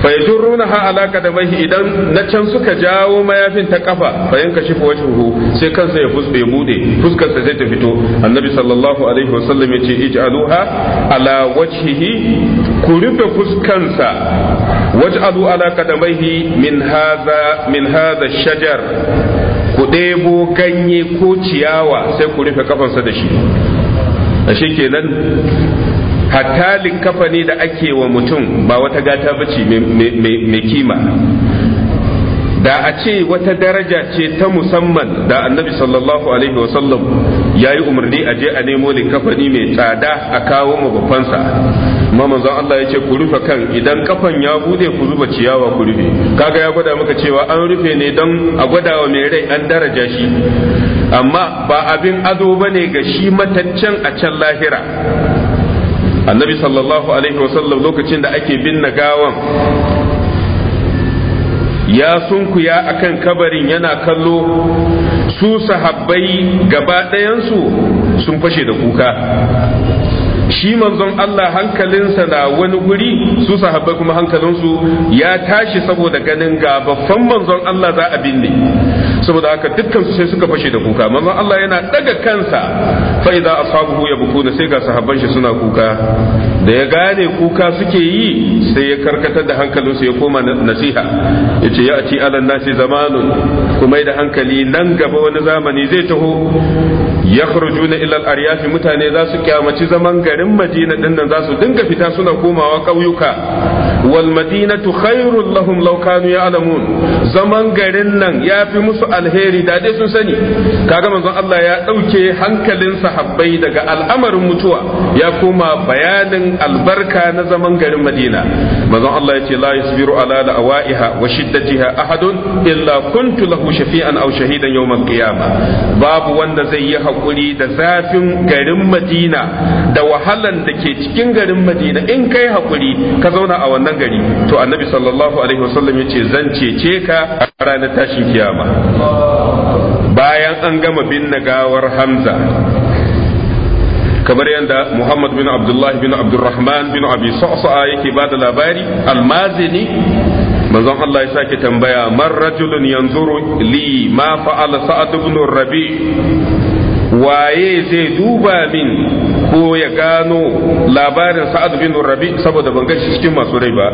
[SPEAKER 1] fa yajurruna ha alaka da bai idan na can suka jawo mayafin ta kafa fa yanka shi wajhuhu sai kansa ya fusbe bude fuskar sa ta fito annabi sallallahu alaihi wasallam yace ij'aluha ala wajhihi ku rufe fuskansa waj'alu ala qadamaihi min hadha min hadha shajar ku ɗebo ganye ko ciyawa sai ku rufe kafansa da shi ashe kenan hatta likafani da ake wa mutum ba wata gata bace mai kima da a ce wata daraja ce ta musamman da annabi sallallahu alaihi wasallam ya yi umarni a je a nemo likafani mai tsada a kawo mabafansa amma manzon Allah ya ce ku rufe kan idan kafan ya bude ku zuba ciyawa ku rufe kaga ya gwada maka cewa an rufe ne don a gwada wa mai rai an daraja shi amma ba abin ado bane ga shi mataccen a can lahira annabi sallallahu alaihi wasallam lokacin da ake binne gawan ya sunkuya kan kabarin yana kallo su sahabbai gaba ɗayansu sun fashe da kuka shi manzon Allah hankalinsa na wani guri su sahabbai kuma hankalinsu ya tashi saboda ganin ga babban manzon Allah za a binne saboda haka dukkan su sai suka fashe da kuka manzon Allah yana daga kansa fa idza ashabuhu yabkuna sai ga sahabban shi suna kuka da ya gane kuka suke yi sai ya karkatar da hankalinsu ya koma nasiha yace ya ci alan zamanun kuma da hankali nan gaba wani zamani zai taho yakhrujuna ila ilal aryafi mutane za su kyamaci zaman garin Madina dinnan za su dinga fita suna komawa ƙauyuka walmadina madinatu khairul lahum law zaman garin nan ya fi musu alheri da dai sun sani ga manzon Allah ya dauke hankalin sahabbai daga al'amarin mutuwa ya koma bayanin albarka na zaman garin Madina manzon Allah ya ce la yasbiru a wa'iha wa shiddatiha ahadun illa kuntu lahu shafi'an aw shahidan yawm al babu wanda zai yi hakuri da zafin garin Madina da wahalan da ke cikin garin Madina in kai hakuri ka zauna a wannan wannan gari to annabi sallallahu alaihi wasallam ya ce zan cece ka a ranar tashin kiyama bayan an gama bin gawar hamza kamar yadda Muhammad bin Abdullah bin Abdurrahman bin Abi Sa'sa'a yake bada labari almazini manzon Allah ya sake tambaya man rajulun yanzuru li ma fa'ala Sa'ad ibn Rabi waye zai duba min ko ya gano labarin sa'ad bin rabi saboda ban shi cikin masu rai ba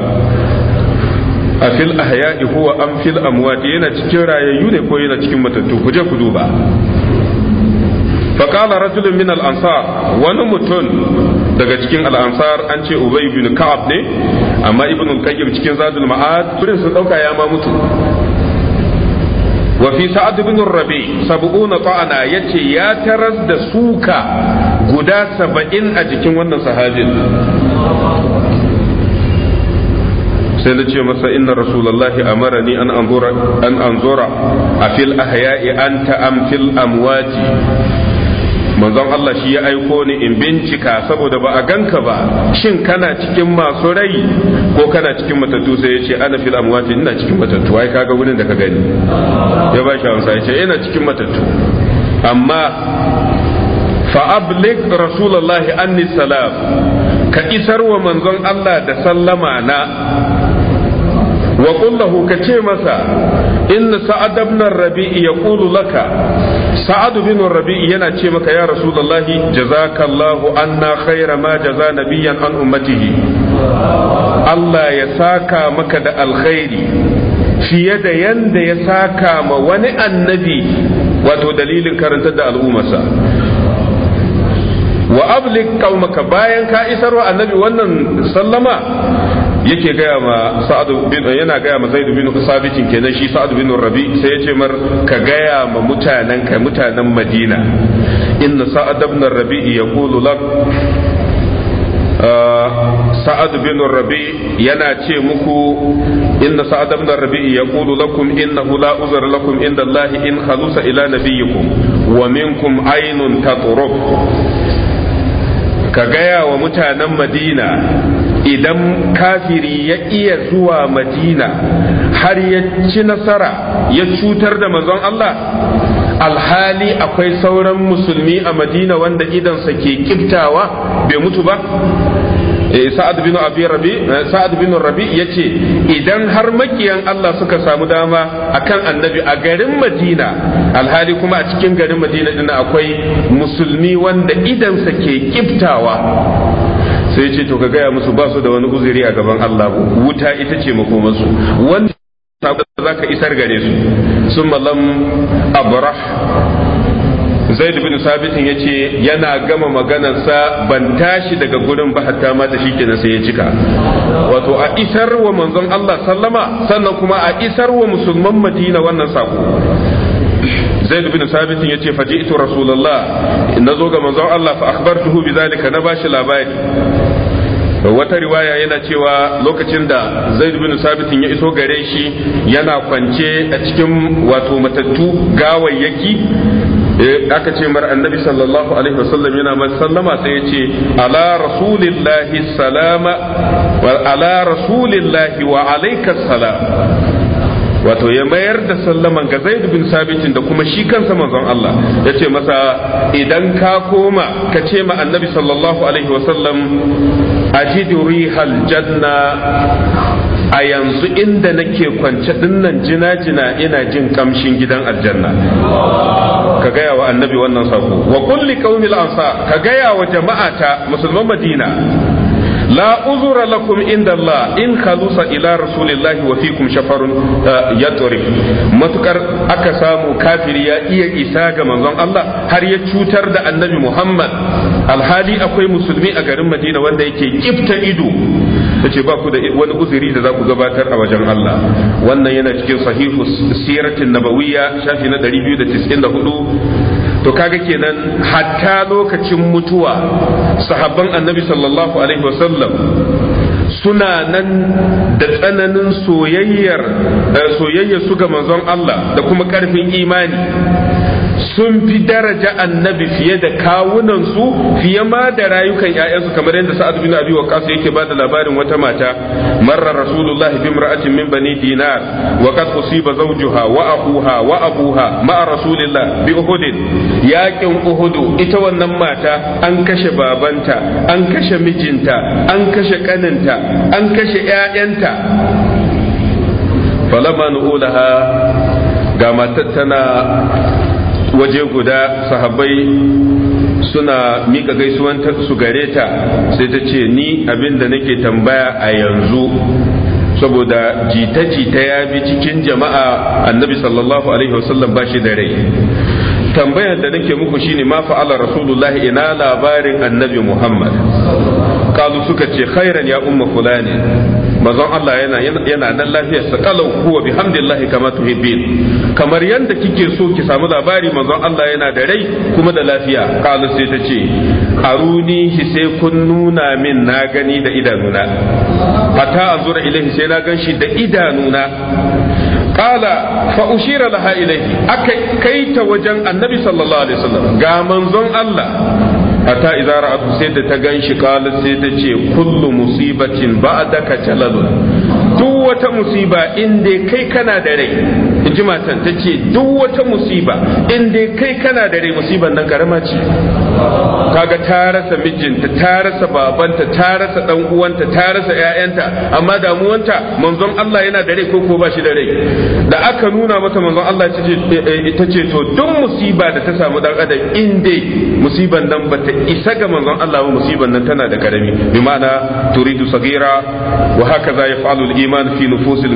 [SPEAKER 1] a fil ahya huwa am fil amwati yana cikin rayayyu ne ko yana cikin matattu ku je ku duba فقال رجل من الأنصار ونمتن daga cikin al'ansar an ce ubay bin ka'ab ne amma ibnu al cikin zadul ma'ad prince dauka ya ma mutu wa fi sa'ad bin rabi sab'una ta'ana yace ya taras da suka guda saba'in a jikin wannan sahabin sai na ce masa inna rasulullahi amarani an anzura an anzura a fil ahya'i anta am fil amwaji manzon Allah shi ya aiko ni in bincika saboda ba a ganka ba shin kana cikin masu rai ko kana cikin matattu sai ya ce ana fil amwati ina cikin matattu ai kaga wurin da ka gani ya ba shi amsa ya ce ina cikin matattu amma fa ablik rasulullahi anni salam ka isar wa manzon Allah da sallama na wa kullahu ka ce masa inna sa'ad ibn rabi'i yaqulu laka sa'adu bin rabi'i yana ce maka ya rasulullahi jazakallahu anna khaira ma jaza nabiyyan an ummatihi Allah ya saka maka da alkhairi fiye da yanda ya saka ma wani annabi wato dalilin karantar da al'ummarsa wa ablik qaumaka bayan ka isarwa annabi wannan sallama yake gaya ma sa'ad bin yana gaya ma zaid bin sabitin kenan shi sa'ad bin rabi sai ya ce mar ka gaya ma mutanen ka mutanen madina inna sa'ad bin rabi yaqulu lak ah, sa'ad bin rabi yana ce muku inna sa'ad bin rabi yaqulu lakum innahu la uzra lakum inda Allah in khalusa ila nabiyyikum wa minkum aynun taturuk ka gaya wa mutanen madina idan kafiri ya iya zuwa madina har ya ci nasara ya cutar da mazan Allah alhali akwai sauran musulmi a madina wanda idansa ke kiftawa bai mutu ba Eh, sa'ad bin abi rabi eh, sa'ad bin rabi yace idan har makiyan Allah suka samu dama akan annabi a garin Madina alhali kuma a cikin garin Madina din akwai musulmi wanda idansa ke kiftawa sai ce to ka gaya musu ba su da wani uzuri a gaban Allah wuta ita ce makomansu wanda za ka isar gare su sun abrah zaid bin sabitin ya ce yana gama maganarsa ban tashi daga gurin ba hatta mata shi kenan sai ya cika wato a isar wa manzon Allah sallama sannan kuma a isar wa musulman madina wannan sako zaid bin Sabitin ya ce faji'tu rasulullah na zo ga manzon Allah fa akhbartuhu bidhalika na bashi labari wata riwaya yana cewa lokacin da zaid bin Sabitin ya iso gare shi yana kwance a cikin wato matattu gawayyaki Eh, aka ce mar annabi sallallahu alaihi wasallam yana mai sallama sai ya ce ala rasulillahi salama wa ala rasulillahi wa alayka salam wato ya mayar da sallaman ga zaid bin sabitin da kuma shi kansa manzon Allah ya ce masa idan ka koma ka ce ma annabi sallallahu alaihi wasallam ajidu rihal janna a yanzu inda nake kwance dinnan jina-jina ina jin kamshin gidan aljanna ka gaya wa annabi wannan sako wa kulli qaumil ansar ka gaya wa jama'ata musulman madina la uzura lakum inda Allah in khalusa ila rasulillahi wa fikum shafarun eh, yatrif matukar aka samu kafiri ya iya isa ga manzon Allah har ya cutar da annabi Muhammad alhali akwai musulmi a garin Madina wanda yake kifta ido ce ba ku da wani uzuri da za ku gabatar a wajen Allah wannan yana cikin sahihu siratin nabawiyya shafi na 294 to kaga kenan hatta lokacin mutuwa sahabban annabi sallallahu alaihi wasallam suna nan da tsananin soyayyar eh, soyayya su ga manzon Allah da kuma karfin imani sun fi daraja annabi fiye da kawunansu fiye ma da rayukan ‘ya'yansu kamar yadda sa'ad bin abi waqas yake ba da labarin wata mata marra rasulullahi bi imra'atin min bani dinar wa qad usiba zawjuha wa akhuha wa abuha ma'a rasulillah bi uhudin yaqin uhud ita wannan mata an kashe babanta an kashe mijinta an kashe kaninta an kashe ‘ya'yanta falama nu'ulaha ga matattana. waje guda sahabbai suna mika gaisuwan su gare ta sai ta ce ni abinda nake tambaya a yanzu saboda jita-jita ya bi cikin jama'a annabi sallallahu alaihi wasallam ba shi da rai tambayar da nake muku shine ma fa'ala rasulullahi ina labarin annabi muhammad kalu suka ce khairan ya umma fulani manzon Allah yana yana nan lafiyar sa kalau huwa bihamdillahi kama tuhibbin kamar yanda kike so ki samu labari manzon Allah yana da rai kuma da lafiya kalu sai ta ce aruni shi sai kun nuna min na gani da idanuna hatta azura ilaihi sai na ganshi da idanuna kala fa ushira laha ilaihi aka kaita wajen annabi sallallahu alaihi wasallam ga manzon Allah hatta izara ra'atu sai da ta ganshi kalu sai ta ce kullu musibatin ba'daka talalun duk wata musiba in dai kai kana da rai in ta ce duk wata musiba in dai kai kana da rai musiban nan karama ce kaga ta rasa mijinta ta rasa babanta ta rasa dan uwanta ta rasa ƴaƴanta amma damuwanta manzon Allah yana da rai ko ko ba shi da rai da aka nuna mata manzon Allah ita eh, ce to duk musiba da ta samu dan adam in musiban nan bata isa ga manzon Allah ba musiban nan tana da karami bi ma'ana turidu sagira wa hakaza yaf'alu iman fi nufusil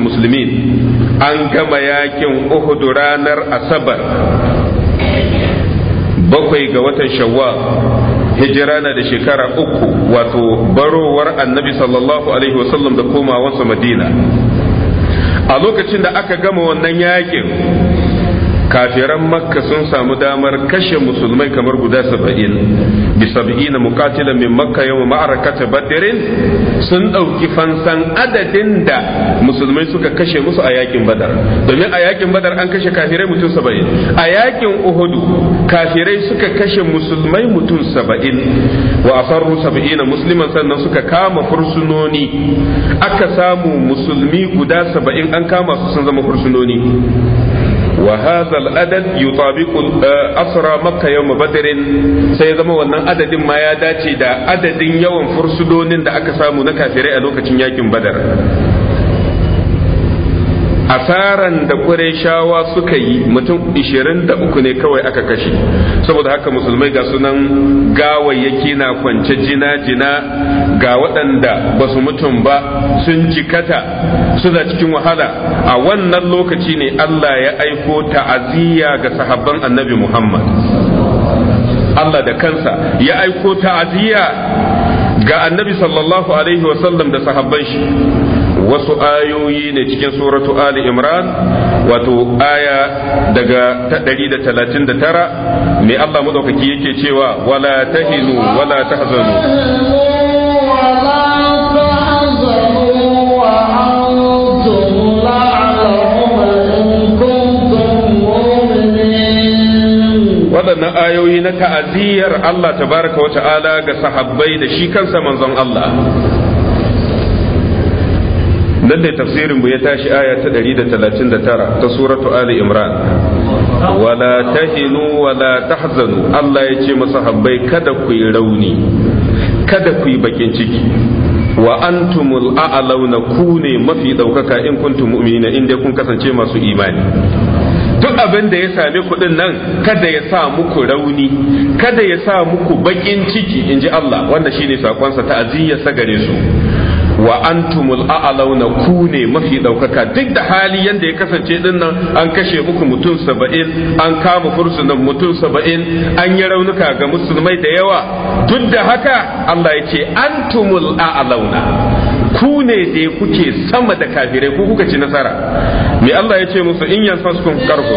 [SPEAKER 1] an gama yakin Uhudu ranar asabar bakwai ga watan Shawwa hijira na da shekara uku wato barowar annabi sallallahu alaihi wasallam da komawansa madina a lokacin da aka gama wannan yakin kafiran makka sun samu damar kashe musulmai kamar guda saba'in bi saba'ina muqatilan min makka yawma ma'arakata badrin sun ɗauki fansan adadin da musulmai suka kashe musu a yakin badar domin a yakin badar an kashe kafirai mutum saba'in a yakin uhudu kafirai suka kashe musulmai mutum saba'in wa asarru saba'ina musliman sannan suka kama fursunoni aka samu musulmi guda saba'in an kama su sun zama fursunoni wa hadha al-adad yutabiqu eh, asra makka yawm badr sai zama wannan adadin ma ya dace da adadin yawan fursudonin da aka samu na kafirai a lokacin yakin badar asaran da Qurayshawa suka yi mutum 23 ne kawai aka kashe saboda haka musulmai ga sunan gawayyaki na kwance jina jina ga waɗanda ba su mutum ba sun jikata suna cikin wahala a wannan lokaci ne Allah ya aiko ta'aziyya ga sahabban Annabi Muhammad Allah da kansa ya aiko ta'aziyya ga annabi sallallahu alaihi sallam da sahabban shi wasu ayoyi ne cikin suratu ali imran wato aya daga ta 139 mai Allah madaukaki yake cewa wala tahinu wala tahzanu waɗannan ayoyi na ta'aziyar Allah tabaraka wa ta'ala ga sahabbai da shi kansa manzon Allah nan da tafsirin mu ya tashi aya ta 139 ta suratu ali imran wala tahinu wala tahzanu Allah ya ce masahabbai kada ku yi rauni kada ku yi bakin ciki wa antumul a'launa ku ne mafi daukaka in kuntum mu'minina in dai kun kasance masu imani duk abin da ya sami kuɗin nan kada ya sa muku rauni kada ya sa muku bakin ciki inji Allah wanda shine sakonsa ta'aziyyarsa sagare su wa antumul a'launa ku ne mafi daukaka duk da hali yanda ya kasance din an kashe muku mutum 70 an kama fursunan mutum 70 an yi raunuka ga musulmai da yawa duk da haka Allah ya ce antumul a'launa ku ne da kuke sama da kafirai ku kuka ci nasara me Allah ya ce musu in yansaskum karfo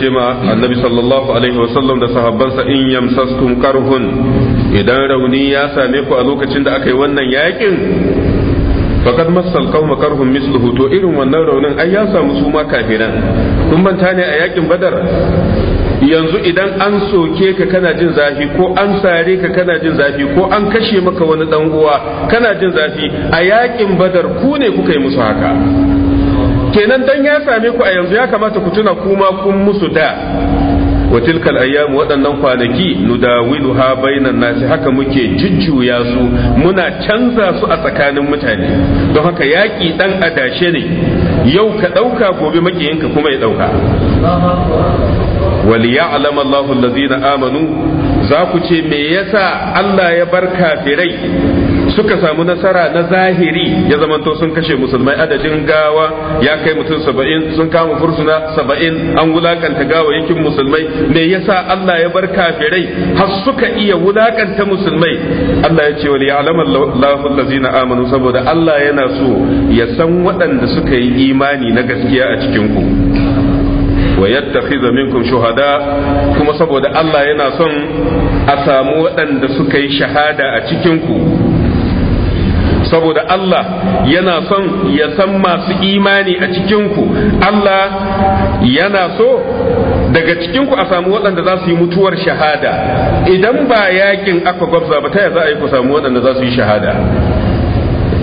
[SPEAKER 2] ce ma annabi
[SPEAKER 1] sallallahu alaihi wasallam da sahabbansa in yamsaskum karhun idan rauni ya same ku a lokacin da aka yi wannan yakin faqad massal qauma karhun misluhu to irin wannan raunin ai ya samu su ma kafiran kun manta ne a yakin badar yanzu idan an soke ka kana jin zafi ko an sare ka kana jin zafi ko an kashe maka wani dan uwa kana jin zafi a yakin badar ku ne kuka yi musu haka kenan dan ya same ku a yanzu ya kamata ku tuna kuma kun musu da wa tilkal ayyam waɗannan kwanaki nudawiluha bainan nasi haka muke jujjuya su muna canza su a tsakanin mutane don haka yaƙi ɗan adashe ne yau ka ɗauka gobe makiyinka kuma ya ɗauka وليعلم الله الذين amanu. za ku ce me yasa Allah ya bar kafirai suka samu nasara na zahiri ya zamanto sun kashe musulmai adadin gawa ya kai mutum saba'in sun kama fursuna saba'in an wulakanta yakin musulmai me yasa Allah ya bar kafirai har suka iya wulakanta musulmai Allah ya ce wa ya'lamu lahu allazina amanu saboda Allah yana so ya san waɗanda suka yi imani na gaskiya a cikin ku wa zamin minkum shuhada kuma saboda Allah yana son a samu waɗanda suka yi shahada a cikinku, saboda Allah yana son ya san masu imani a cikinku, Allah yana so daga cikinku a samu waɗanda za su yi mutuwar shahada idan ba yakin aka gwabza ba ta ya za a yi ku samu waɗanda za su yi shahada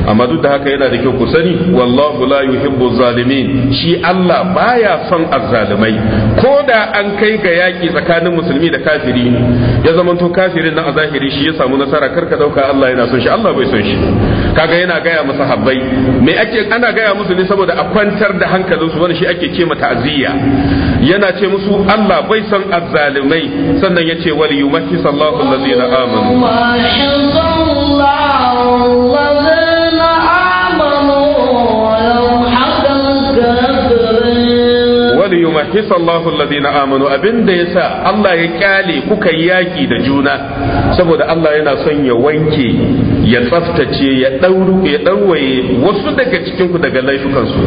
[SPEAKER 1] amma duk da haka yana da kyau ku sani wallahu la yuhibbu zalimin shi Allah baya son azzalimai ko da an kai ga yaki tsakanin musulmi da kafiri ya zamanto kafirin nan a zahiri shi ya samu nasara karka dauka Allah yana son shi Allah bai son shi kaga yana gaya masa habbai me ake ana gaya musu ne saboda a kwantar da su wani shi ake ce mata aziyya yana ce musu Allah bai son azzalimai sannan ya ce wal yumahhisallahu allazina amanu hisallahu alladhina amanu abinda yasa Allah ya kyale kuka yaki da juna saboda Allah yana son ya wanke ya tsaftace ya dauru wasu daga cikin daga laifukansu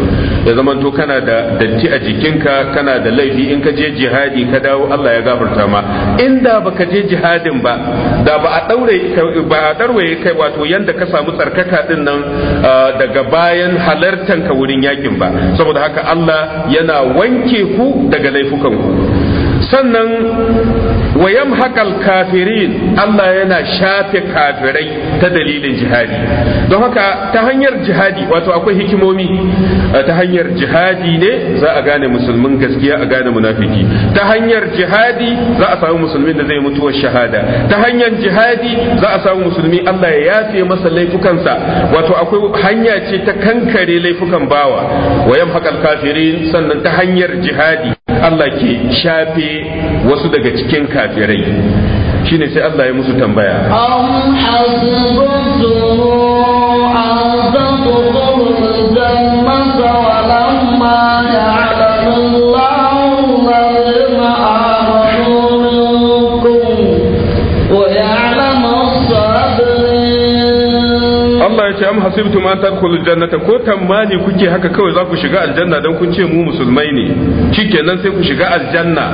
[SPEAKER 1] ya zaman to kana da datti a jikinka kana da laifi in ka je jihadi ka dawo Allah ya gafarta ma inda baka je jihadin ba da ba a daure kai wato yanda ka samu tsarkaka din nan daga bayan halartanka wurin yakin ba saboda haka Allah yana wanke ku daga laifukanku sannan wayam haƙal kafirin Allah yana shafe kafirai ta dalilin jihadi don haka ta hanyar jihadi wato akwai hikimomi ta hanyar jihadi ne za a gane musulmin gaskiya a gane munafiki ta hanyar jihadi za a samu musulmin da zai mutuwar shahada ta hanyar jihadi za a samu musulmi Allah ya yafe masa laifukansa wato akwai hanya ce ta kankare laifukan bawa wayam haƙal kafirin sannan ta hanyar jihadi Allah ke shafe wasu daga cikin kafirai shine sai Allah ya musu tambaya
[SPEAKER 2] am
[SPEAKER 1] hasibtum an tadkhulul jannata ko tammani kuke haka kawai za ku shiga aljanna dan kun ce mu musulmai ne shikenan sai ku shiga aljanna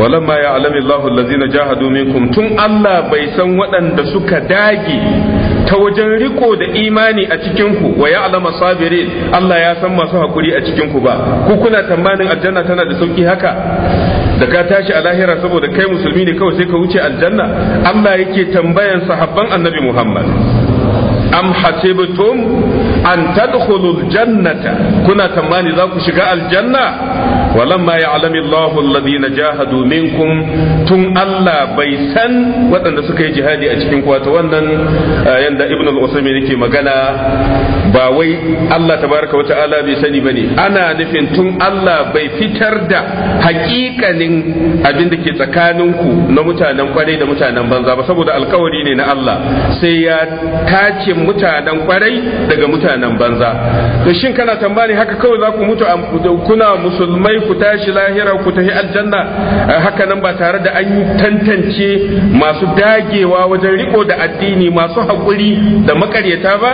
[SPEAKER 1] walamma ya'lamu Allahu allazina jahadu minkum tun Allah bai san waɗanda suka dage ta wajen riko da imani a cikin ku wa ya'lamu sabirin Allah ya san masu hakuri a cikin ku ba ku kuna tamanin aljanna tana da sauki haka da ka tashi a lahira saboda kai musulmi ne kawai sai ka wuce aljanna Allah yake tambayan sahabban Annabi Muhammad أم حسبتم an tadkhulul jannata kuna tamani za ku shiga aljanna walamma ya'lamu Allahu alladhina jahadu minkum tun Allah bai san waɗanda suka yi jihadi a cikin ku wato wannan eh, yanda Ibn al-Usaymin yake magana ba wai Allah tabaraka wa ta'ala bai sani bane ana nufin tun Allah bai fitar da hakikanin abin da ke tsakanin ku na mutanen kwarai da mutanen banza ba saboda alkawari ne na Allah sai ya tace mutanen kwarai daga mutanen mutanen banza to shin kana tambani haka kawai za ku mutu kuna musulmai ku tashi lahira ku tafi aljanna eh, haka nan ba tare da an tantance masu dagewa wajen riko da addini masu haƙuri da makaryata ba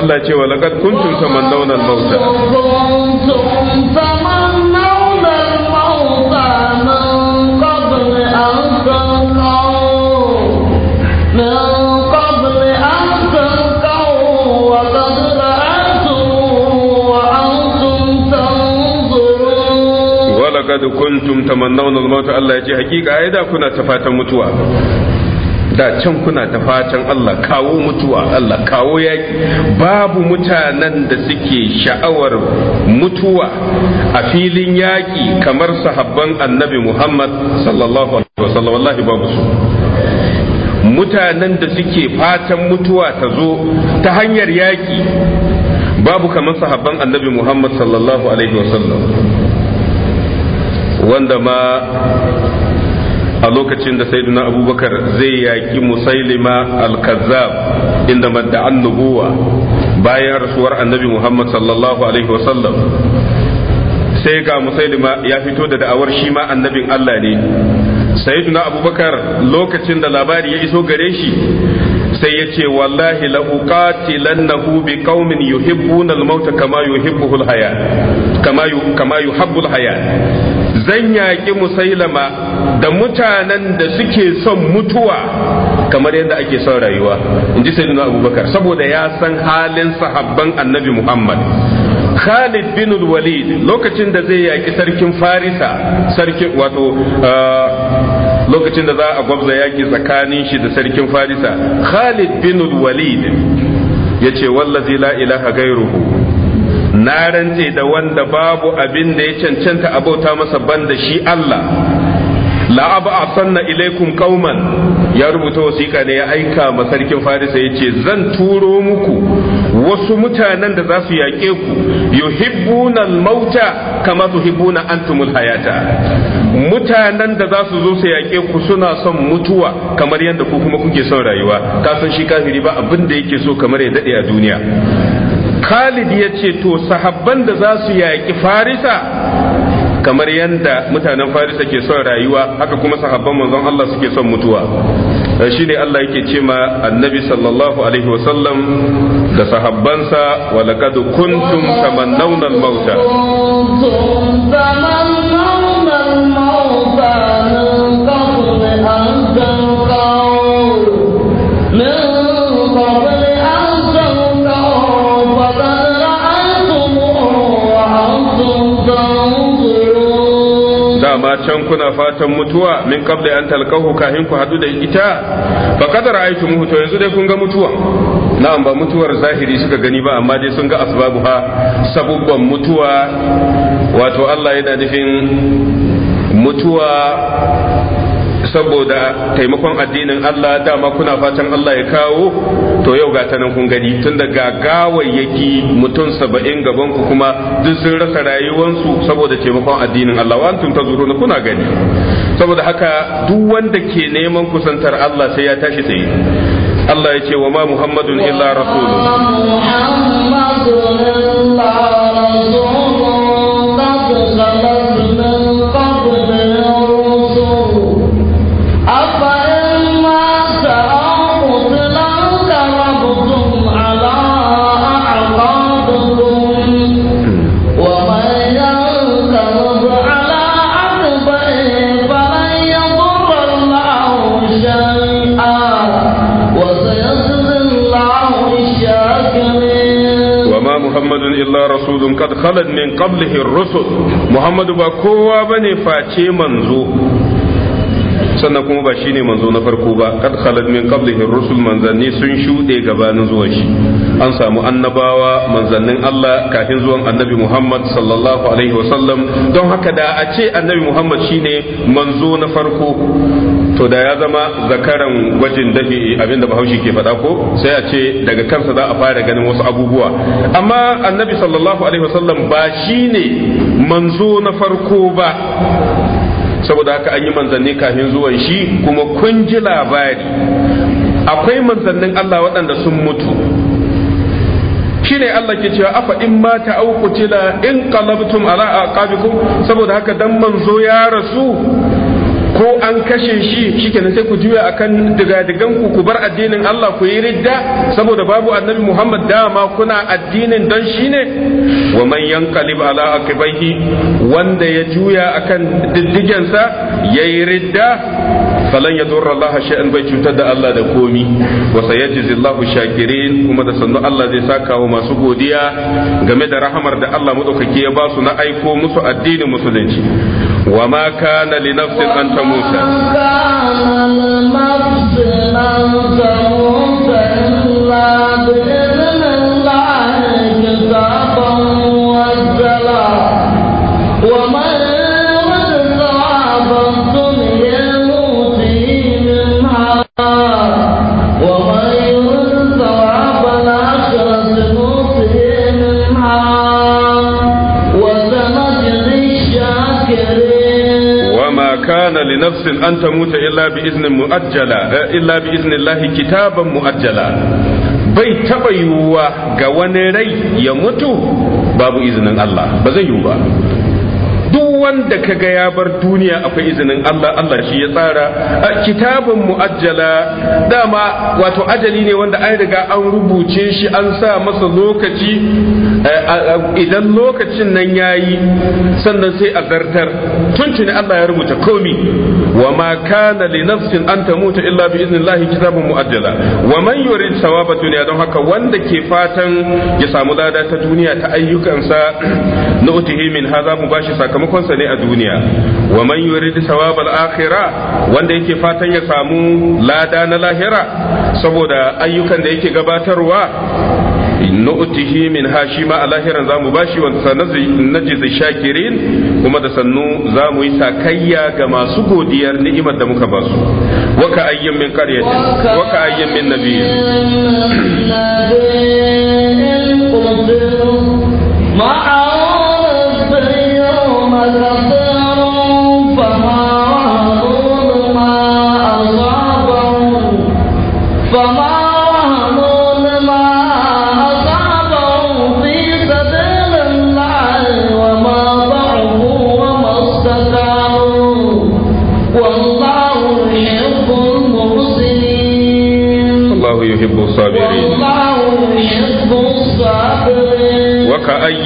[SPEAKER 1] Allah ce wa laqad kuntum tamannawna al-mauta laqad kuntum tamannawna al-maut Allah ya ce hakika ai da kuna ta fatan mutuwa da can kuna ta fatan Allah kawo mutuwa Allah kawo yaki babu mutanen da suke sha'awar mutuwa a filin yaki kamar sahabban annabi Muhammad sallallahu alaihi wasallam wallahi babu su mutanen da suke fatan mutuwa ta zo ta hanyar yaki babu kamar sahabban annabi Muhammad sallallahu alaihi wasallam wanda ma a lokacin da sayyiduna abubakar zai yaki musailima al-kazzab inda madda annubuwa bayan rasuwar annabi muhammad sallallahu alaihi wasallam sai ga musailima ya fito da da'awar shi ma annabin allah ne Saiduna abubakar lokacin da labari ya iso gare shi sai ya ce wallahi la uqatilannahu bi qaumin yuhibbuna al-maut kama yuhibbu al-hayat kama kama yuhibbu al-hayat zan yaƙi musailama da mutanen da suke son mutuwa kamar yadda ake son rayuwa in ji sayyidina abubakar saboda ya san halin sahabban annabi muhammad Khalid bin Walid lokacin da zai yaƙi sarkin Farisa sarki wato uh, lokacin da za a gwabza yaƙi tsakanin shi da sarkin Farisa Khalid bin Walid ya ce wallazi la ilaha gairuhu na rantse da wanda babu abin da ya cancanta a bauta masa banda shi Allah la'aba a sanna ilaikum kauman ya rubuta wasiƙa ne ya aika ma sarkin farisa ya ce zan turo muku wasu mutanen da za su yaƙe ku yuhibbuna mauta kama tuhibbuna antumul hayata mutanen da za su zo su yaƙe ku suna son mutuwa kamar yadda ku kuma kuke son rayuwa kasan shi kafiri ba abin da yake so kamar ya daɗe a duniya khalid ya ce to sahabban da za su yaƙi farisa kamar yadda mutanen farisa ke son rayuwa haka kuma sahabban manzon Allah suke son mutuwa eh, shi ne Allah yake ce ma annabi sallallahu alaihi wasallam da sahabbansa wa laqad
[SPEAKER 3] kuntum tamannawna al-mauta
[SPEAKER 2] tamannawna al-mauta
[SPEAKER 1] amma can kuna fatan mutuwa min kabla an talqahu kahin ku hadu da ita fa qad ra'aytumuhu to yanzu dai kun ga mutuwa na'am ba mutuwar zahiri suka gani ba amma dai sun ga asbabuha sabubban mutuwa wato Allah yana nufin mutuwa saboda taimakon addinin Allah dama kuna fatan Allah ya kawo to yau ga tanan kun gani tun daga gawayyaki mutum saba'in gaban ku kuma duk sun rasa rayuwansu saboda taimakon addinin Allah wa antum tazuruna kuna gani saboda haka duk wanda ke neman kusantar Allah sai ya tashi tsaye Allah ya ce wa ma Muhammadun illa rasulun خلد من قبله الرسل محمد بكوا بني فاتي منزو sannan kuma ba shine manzo na farko ba kad khalat min qablihi rusul manzanni sun shuɗe gabanin zuwan shi an samu annabawa manzannin Allah kafin zuwan annabi Muhammad sallallahu alaihi wasallam don haka da a ce annabi Muhammad shine manzo na farko to da ya zama zakaran gwajin dafi abinda bahaushe ke faɗa ko sai a ce daga kansa za a fara ganin wasu abubuwa amma annabi sallallahu alaihi wasallam ba shine manzo na farko ba saboda haka an yi manzanni kafin zuwan shi kuma kun ji labari akwai manzannin Allah waɗanda sun mutu shi ne Allah ke cewa afa in ma ta auku in qalabtum ala aqabikum saboda haka dan manzo ya rasu ko an kashe shi shikenan sai ku juya akan digadigan ku ku bar addinin Allah ku yi ridda saboda babu annabi Muhammad dama kuna addinin dan ne. wa man yanqalib ala aqibaihi wanda ya juya akan diddigen sa yayi ridda falan yadurra Allah shay'an bai cutar da Allah da komi wa Allahu shakirin kuma da sannu Allah zai saka wa masu godiya game da rahamar da Allah madaukake ya ba su na aiko musu addinin musulunci wa ma kana li nafsin an tamuta
[SPEAKER 2] kana li nafsin
[SPEAKER 1] kana li nafsin an muta illa bi iznin muajjala eh, illa bi lahi kitaban muajjala bai taba yiwuwa ga wani rai ya mutu babu izinin Allah ba zai yiwu ba duk wanda kaga ya bar duniya akwai izinin Allah Allah shi ya tsara kitabun mu'ajjala dama wato ajali ne wanda an riga an rubuce shi an sa masa lokaci eh, idan lokacin nan yayi sannan sai a zartar tuntuni Allah ya rubuta komi wa ma kana li nafsin an tamuta illa bi idnillahi kitabun mu'ajjala wa man yurid thawaba dunya don haka wanda ke fatan ya samu lada ta duniya ta ayyukansa na utihi min hadha mu bashi sakamakon sa ne a duniya wa man yurid thawaba al-akhirah wanda yake fatan ya samu lada na lahira saboda ayyukan da yake gabatarwa nu'tihi min ha shi ma a lahiran zamu bashi wa sanazi shakirin kuma da sannu zamu yi sakayya ga masu godiyar ni'imar da muka basu wa ka ayyin min qaryatin wa ka ayyin min nabiyyin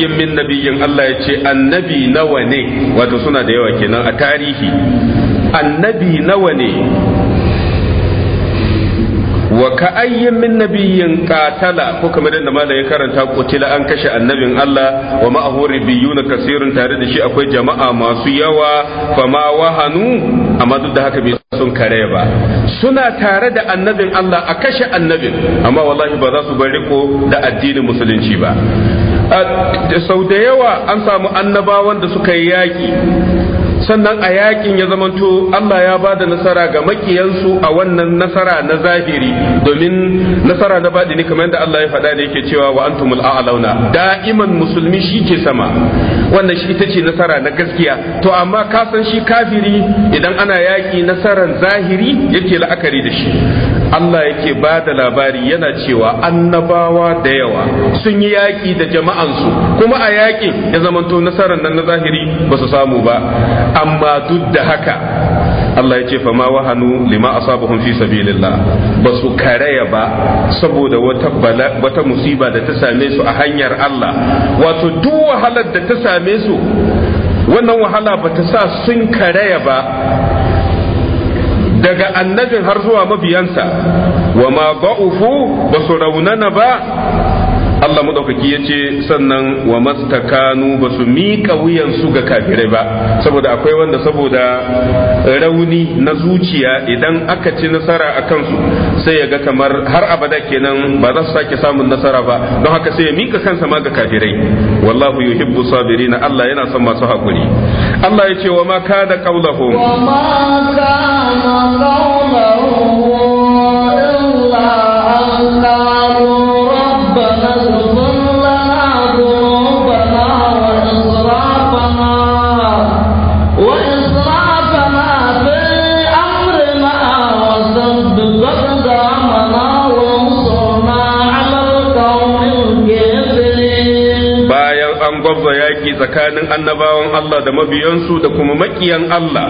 [SPEAKER 1] ayyin min nabiyyin Allah ya ce annabi nawa ne wato suna da yawa kenan a tarihi annabi nawa ne wa ka ayyin min nabiyyin qatala ko kamar yadda malam ya karanta kutila an kashe annabin Allah wa biyu na kasirun tare da shi akwai jama'a masu yawa fama wahanu amma duk da haka bai sun kare ba suna tare da annabin Allah a kashe annabin amma wallahi ba za su bari riko da addinin musulunci ba sau da yawa an samu annabawan da suka yi yaƙi sannan a yaƙin ya zamanto Allah ya ba da nasara ga makiyansu a wannan nasara na zahiri domin nasara na ni kamar yadda Allah ya faɗa da yake cewa wa antumul a'launa da'iman musulmi shi ke sama wannan shi ita ce nasara na gaskiya to amma ka san shi kafiri idan ana yaƙi nasaran zahiri yake la'akari da shi Allah yake ba da labari yana cewa annabawa da yawa sun yi yaƙi da jama'ansu kuma a yaƙin ya zamanto nasarar nan na zahiri ba su samu ba amma duk da haka Allah ya ce fa ma wahanu lima asabahum fi sabilillah ba su karaya ba saboda wata wata musiba da ta same su a hanyar Allah wato duk wahalar da ta same su wannan wahala ba ta sa sun karaya ba daga annabin har zuwa mabiyansa wa ma ba'ufu ba su raunana ba Allah madaukaki ya ce sannan wa mastakanu ba su miƙa wuyansu ga kafirai ba saboda akwai wanda saboda rauni na zuciya idan aka ci nasara a kansu sai ya ga kamar har abada kenan ba za su sake samun nasara ba don haka sai ya mika kansa ma ga kafirai wallahu yuhibbu sabirina Allah yana son masu hakuri Allah ya ce wa ma kada qaulahum wa ma
[SPEAKER 2] kana qaulahum illa
[SPEAKER 1] tsakanin annabawan Allah da mabiyansu da kuma makiyan Allah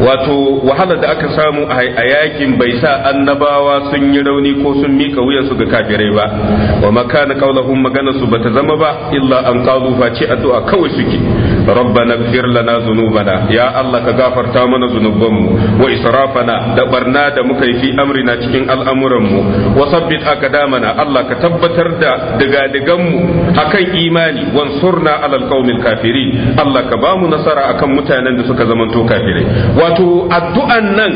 [SPEAKER 1] wato wahala da aka samu a yakin bai sa annabawa sun yi rauni ko sun mika wuyansu ga kafirai ba wa makana qaulahum magana su bata zama ba illa an qalu fa addu'a kawai suke rabbana ighfir lana dhunubana ya allah ka gafarta mana mu wa israfana da barna da muka yi fi amrina cikin al'amuran mu wa sabbit aqdamana allah ka tabbatar da digadigan mu akan imani surna alal qaumil kafirin allah ka bamu nasara akan mutanen da suka zamanto kafirai wato addu'an nan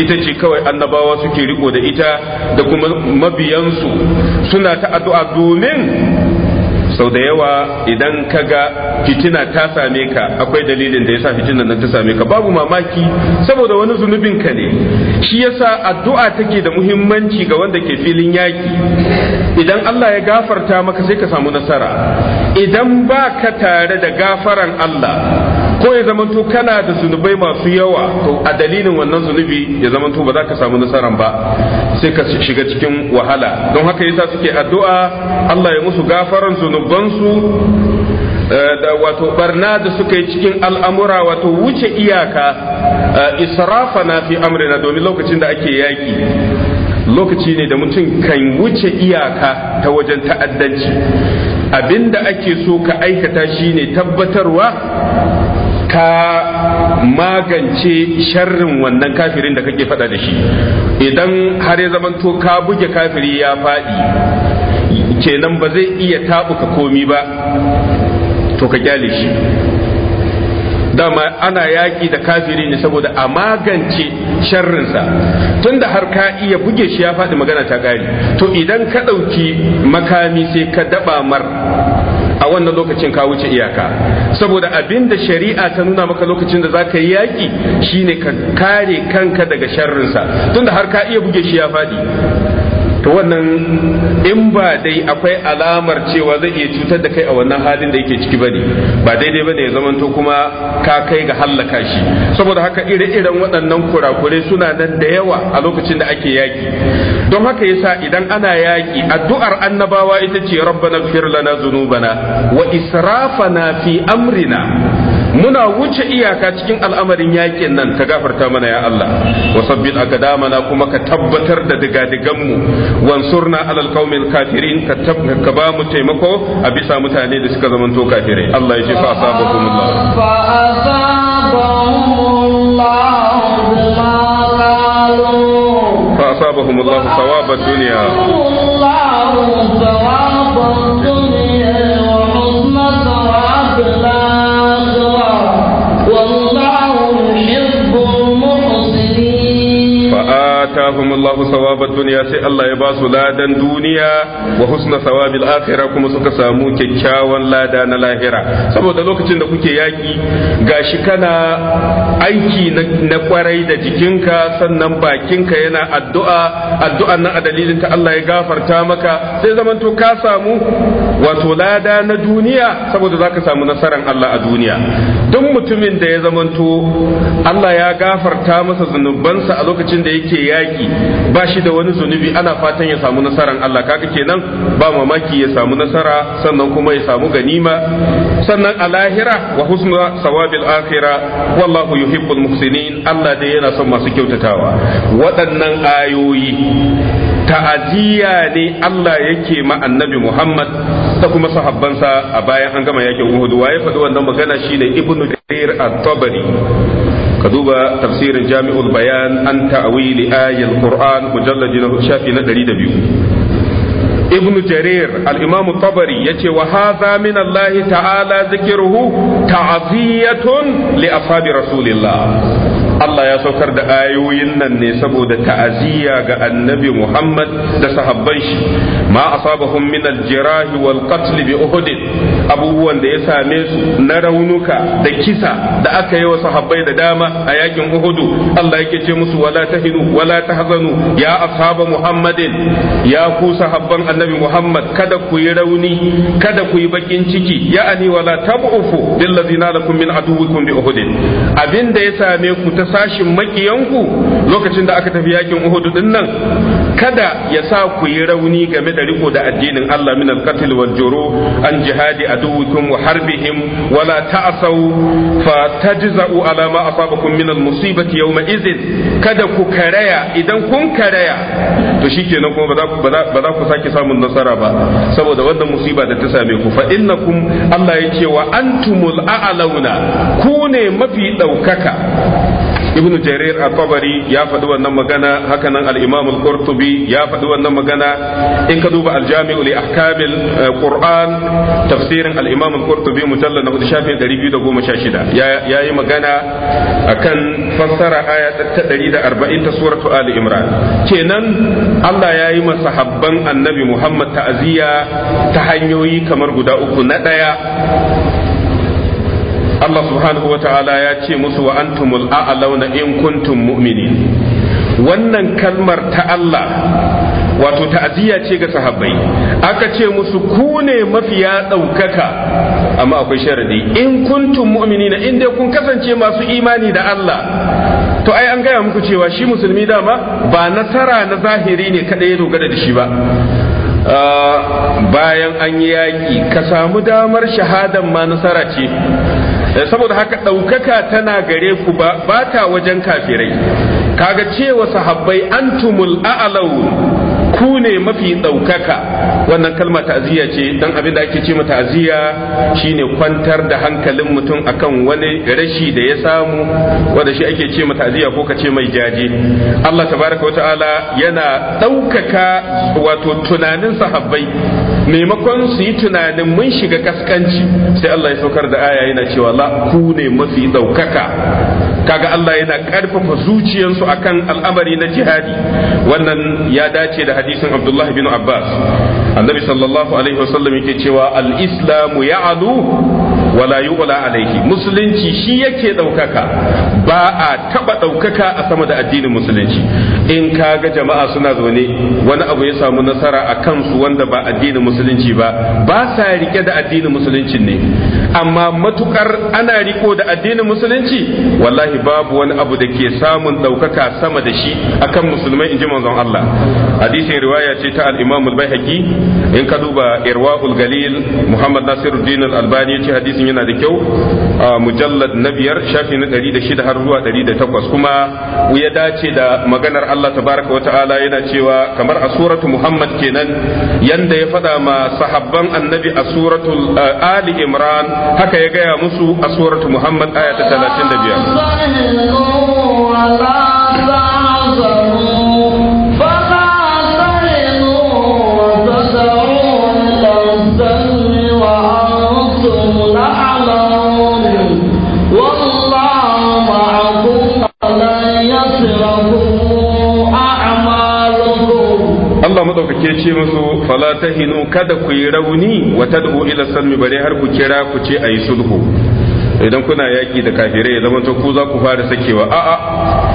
[SPEAKER 1] ita ce kawai annabawa suke riko da ita da kuma mabiyansu suna ta addu'a domin sau da yawa idan ka ga fitina ta same ka akwai dalilin da yasa fitina nan ta same ka babu mamaki saboda wani zunubin ka ne shi yasa addu'a take da muhimmanci ga wanda ke filin yaki idan Allah ya gafarta maka sai ka samu nasara idan ba ka tare da gafaran Allah ko ya zamanto kana da zunubai masu yawa to a dalilin wannan zunubi ya zamanto ba za ka samu nasaran ba sai ka shiga cikin wahala don haka yasa suke addu'a Allah ya musu gafaran zunubansu eh, da wato barna da suka yi cikin al'amura wato wuce iyaka eh, israfa na fi amrina domin lokacin da ake yaƙi lokaci ne da mutum kan wuce iyaka ta wajen ta'addanci abinda ake so ka aikata shine tabbatarwa ka magance sharrin wannan kafirin da kake faɗa da shi idan har ya zamanto ka buge kafiri ya faɗi kenan ba zai iya taɓuka komi ba to ka kyale shi dama ana yaƙi da kafiri ne saboda a magance sharrinsa tunda har ka iya buge shi ya faɗi magana ta ƙari to idan ka ɗauki makami sai ka daɓa mar a wannan lokacin ka wuce iyaka saboda abin da shari'a ta nuna maka lokacin da zaka yi yaki shine ka kare kanka daga sharrinsa tunda har ka iya buge shi ya faɗi to wannan in ba dai akwai alamar cewa zai iya cutar da kai a wannan halin da yake ciki bane ba daidai bane ya zamanto kuma ka kai ga hallaka shi saboda haka ire-iren waɗannan kurakurai suna nan da yawa a lokacin da ake yaki don haka yasa idan ana yaki addu'ar annabawa ita ce rabbana fir lana zunubana wa israfana fi amrina muna wuce iyaka cikin al'amarin yakin nan ka gafarta mana ya Allah wa sabbin akadamana kuma ka tabbatar da digadigan mu wansurna alal qaumil kafirin ka ka ba mu taimako a bisa mutane da suka zamanto kafirai Allah ya ce fa asabakumullah fa asabakumullah fa asabahumullah thawaba dunya Allah sawaba duniya sai Allah ya ba su ladan duniya wa husna sawabil akhirah kuma suka samu kyakkyawan lada na lahira saboda lokacin da kuke yaki gashi kana aiki na kwarai da jikinka sannan bakinka yana addu'a addu'an nan a dalilin ta Allah ya gafarta maka sai zamanto ka samu wato lada na duniya saboda zaka samu nasaran Allah a duniya duk mutumin da ya zamanto Allah ya gafarta masa zunubansa a lokacin da yake yaki ba shi da wani zunubi ana fatan ya samu nasaran Allah kaga kenan ba mamaki ya samu nasara sannan kuma ya samu ganima sannan a lahira wa husna sawabil akhira wallahu yuhibbul muhsinin Allah dai yana son masu kyautatawa waɗannan ayoyi ta'aziyya ne Allah yake ma annabi Muhammad da kuma sahabbansa a bayan an gama yakin Uhud waye faɗi wannan magana shine Ibn Jarir at-Tabari ka duba tafsirin Jami'ul Bayan an ta'wili ayatul Qur'an mujalladi na shafi na 102 Ibn Jarir al-Imam tabari yace wa hadha min Allah ta'ala zikruhu ta'ziyatun li ashabi Rasulillah Allah ya saukar da ayoyin nan ne saboda ta'aziyya ga annabi Muhammad da sahabban shi ma asabahum min al-jirah wal qatl bi uhud abubuwan da ya same su na raunuka da kisa da aka yi wa sahabbai da dama a yakin Uhud Allah yake ce musu wala tahinu wala tahzanu ya ashaba Muhammadin ya ku sahabban annabi Muhammad kada ku yi rauni kada ku yi bakin ciki ya'ani wala tab'ufu bil lakum min aduwikum bi uhud abinda ya same ku ta ta sashin makiyanku lokacin da aka tafi yakin Uhud din nan kada ya sa ku yi rauni game da riko da addinin Allah min al-qatl wal juru an jihadi aduwikum wa harbihim wala ta'asaw fa tajza'u ala ma asabakum min al-musibati yawma idhin kada ku karaya idan kun karaya to shikenan kuma ba za ku sake samun nasara ba saboda wannan musiba da ta same ku fa innakum Allah yake wa antumul a'launa ku ne mafi ɗaukaka. ibn jarir at-tabari ya faɗi wannan magana hakanan al-imam al magana in ka duba al-jami'u li eh, qur'an tafsirin al-imam al-qurtubi mujallal na shafi 216 ya yi magana akan fassara aya ta 140 ta suratu ali imran kenan Allah ya yi masahabban annabi Muhammad ta'aziyya ta hanyoyi kamar guda uku na ɗaya Allah subhanahu wa ta'ala ya ce musu wa antumul a'launa in kuntum mu'minin wannan kalmar ta Allah wato ta'aziyya ce ga sahabbai aka ce musu ku ne mafiya ɗaukaka amma akwai sharadi in kuntum mumini in dai kun kasance masu imani da Allah to ai an gaya muku cewa shi musulmi dama ba nasara na zahiri ne kada ya dogara da shi ba ah, bayan an yi yaƙi ka samu damar shahadan ma nasara ce Eh, saboda haka ɗaukaka tana gare ku ba ta wajen kafirai kaga cewa sahabbai antumul a'laun ku ne mafi ɗaukaka wannan kalmar ta'aziyya ce dan abin da ake ce ma ta'aziyya shine kwantar da hankalin mutum akan wani rashi da ya samu wanda shi ake ce ma ta'aziyya ko ka ce mai jaje Allah tabaraka wa yana ɗaukaka wato tunanin sahabbai maimakon su yi tunanin mun shiga kaskanci sai Allah ya saukar da aya yana cewa la ku ne mafi ɗaukaka kaga Allah yana karfafa zuciyarsu akan al'amari na jihadi wannan ya dace da hadisin Abdullah bin Abbas annabi sallallahu alaihi wasallam yake cewa al-islamu ya'alu wala yu'la alaihi musulunci shi yake ɗaukaka ba a taɓa ɗaukaka a sama da addinin musulunci in kaga jama'a suna zaune wani abu ya samu nasara a kansu wanda ba addinin musulunci ba ba sa rike da addinin musulunci ne amma matukar ana riko da addinin musulunci wallahi wallahi babu wani abu da ke samun ɗaukaka sama da shi akan musulmai in ji manzon Allah hadisin riwaya ce ta al-Imam in ka duba Irwaul Galil Muhammad Nasiruddin al-Albani ya ce hadisin yana da kyau mujallad na biyar shafi na shida har zuwa takwas kuma ya dace da maganar Allah ta baraka wa ta'ala yana cewa kamar a suratu Muhammad kenan yanda ya faɗa ma sahabban annabi a suratu Ali Imran haka ya gaya musu a suratu Muhammad aya ta
[SPEAKER 2] biyar.
[SPEAKER 1] madaukake ce musu fala tahinu kada ku yi rauni wa tad'u ila salmi bare har ku kira ku ce ayi sulhu idan kuna yaki da kafirai ya zama ku za ku fara sakewa a'a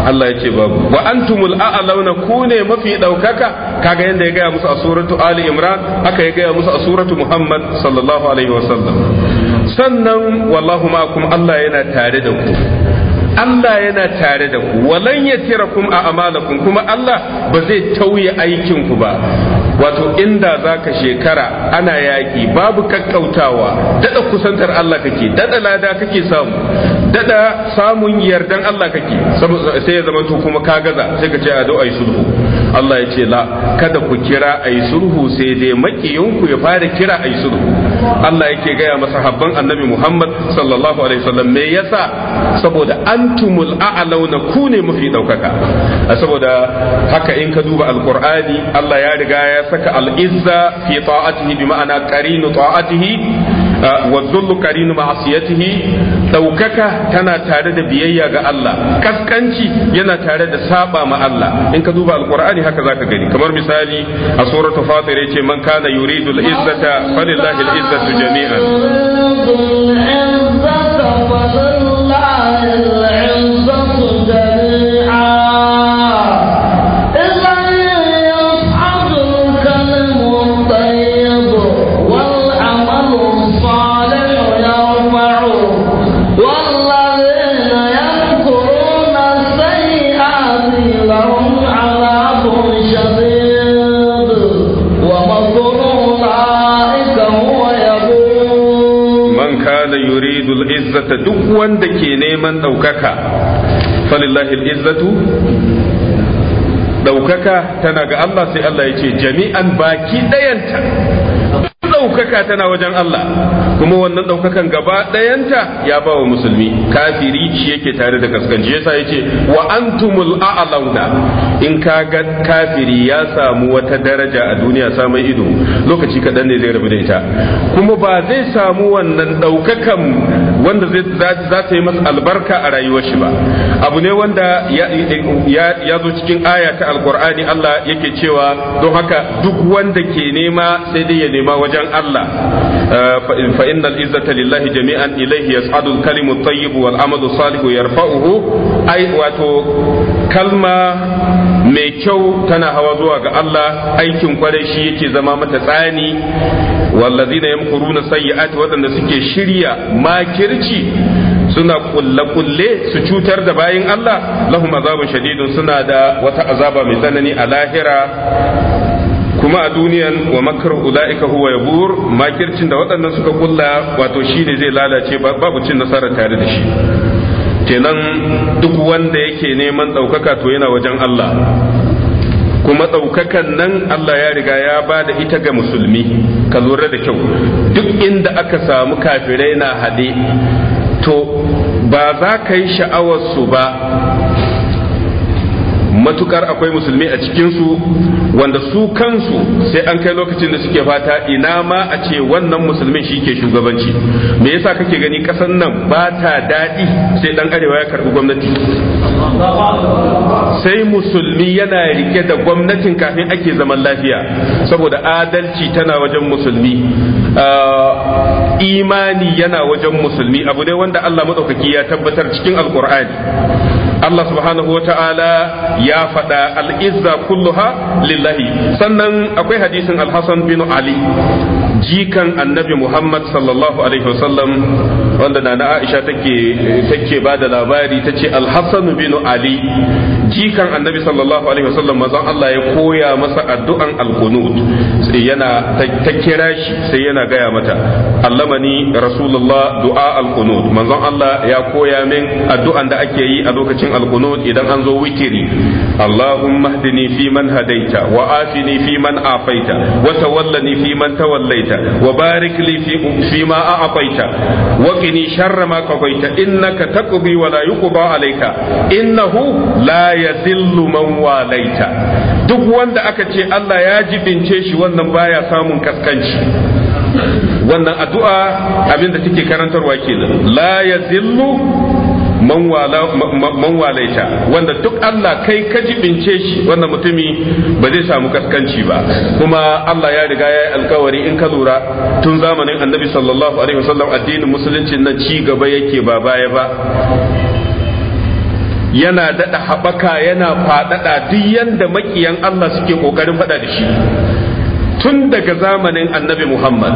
[SPEAKER 1] Allah ya ce babu wa antumul a'launa ku ne mafi daukaka kaga yanda ya gaya musu a suratu ali imran aka ya gaya musu a suratu muhammad sallallahu alaihi wasallam sannan wallahu ma'akum Allah yana tare da ku Allah yana tare da ku walan yatirakum a amalakum kuma Allah ba zai tauye aikin ku ba wato inda zaka shekara ana yaƙi babu kakkautawa dada kusantar Allah kake dada lada kake samu dada samun yardan Allah kake sai ya zama to kuma ka gaza sai ka ce a zo a sulhu Allah ya ce la kada ku kira ayi sulhu sai dai makiyinku ya fara kira ayi sulhu Allah yake gaya masa habban annabi Muhammad sallallahu alaihi wasallam me yasa saboda antumul a'launa ku ne mafi daukaka saboda haka in ka duba alqur'ani Allah ya riga ya saka al'izza fi ta'atihi bi ma'ana qarinu ta'atihi wa dhullu qarinu ma'asiyatihi daukaka tana tare da biyayya ga Allah kaskanci yana tare da saba ma Allah in ka duba alqur'ani haka zaka gani kamar misali a suratul fatir yace man kana yuridu al-izzata falillahi al-izzatu jami'an wanda ke neman ɗaukaka falillahi izzatu ɗaukaka tana ga Allah sai Allah ya ce jami'an baki ɗayanta ɗaukaka tana wajen Allah kuma wannan ɗaukakan gaba ɗayanta ya ba wa musulmi kafiri shi yake tare da kaskanci yasa yace wa antumul a'launa in ka ga kafiri ya samu wata daraja a duniya samai ido lokaci kaɗan ne zai rabu da ita kuma ba zai samu wannan ɗaukakan wanda zai za ta yi masa albarka a rayuwar shi ba abu ne wanda ya zo cikin aya ta alkur'ani Allah yake cewa don haka duk wanda ke nema sai dai ya nema wajen Allah fa innal lillahi jami'an ilayhi yas'adu al-kalimu at-tayyib salihu yarfa'uhu wato kalma mai kyau tana hawa zuwa ga Allah aikin kwarai shi yake zama mata tsani wallazina yamkuruna sayyi'ati waɗanda suke shirya makirci suna kulle-kulle su cutar da bayan Allah lahum mazabin shadidun suna da wata azaba mai tsanani a lahira kuma a duniyan wa makar ula'ika huwa ya buhur makircin da waɗannan suka kulla wato shi ne zai lalace babu cin nasara tare da shi kenan duk wanda yake neman ɗaukaka to yana wajen Allah kuma ɗaukakan nan Allah ya riga ya bada ita ga musulmi ka lura da kyau duk inda aka samu kafirai na hade to ba za ka yi sha'awarsu ba matukar akwai musulmi a cikinsu wanda su kansu sai an kai lokacin da suke fata ina ma a ce wannan musulmin shi ke shugabanci me yasa kake gani kasan nan ba ta daɗi sai ɗan arewa ya karɓi gwamnati sai musulmi yana rike da gwamnatin kafin ake zaman lafiya saboda adalci tana wajen musulmi ah, imani yana wajen musulmi abu dai wanda Allah maɗaukaki ya tabbatar cikin alkur'ani Allah subhanahu wata'ala ya faɗa al'izza kulluha lillahi sannan akwai hadisin al bin Ali jikan annabi Muhammad sallallahu alaihi wasallam wanda na Aisha take ba da labari ta ce al bin Ali jikan annabi sallallahu alaihi wasallam mazan Allah ya koya masa addu'an al sai yana ta kira shi sai yana gaya mata allamani rasulullah du'a al manzon Allah ya koya min addu'an da ake yi a lokacin al idan an zo witiri Allahumma hdini fi man hadaita wa afini fi man afaita wa tawallani fi man tawallaita ta wa barik li fi fi ma a akwaita wa kini sharra ma kakwaita innaka taqbi wa alaika yuqba alayka innahu la yadhillu man walaita duk wanda aka ce Allah ya jibince shi wannan baya samun kaskanci wannan addu'a abinda take karantarwa kenan la yadhillu man walaita wanda duk Allah kai ka jibince shi wanda mutumi ba zai samu kaskanci ba kuma Allah ya riga ya yi alkawari in ka lura tun zamanin annabi sallallahu alaihi wasallam addinin musulunci na ci gaba yake ba baya ba yana dada haɓaka yana faɗaɗa duk yanda makiyan Allah suke ƙoƙarin faɗa da shi tun daga zamanin annabi Muhammad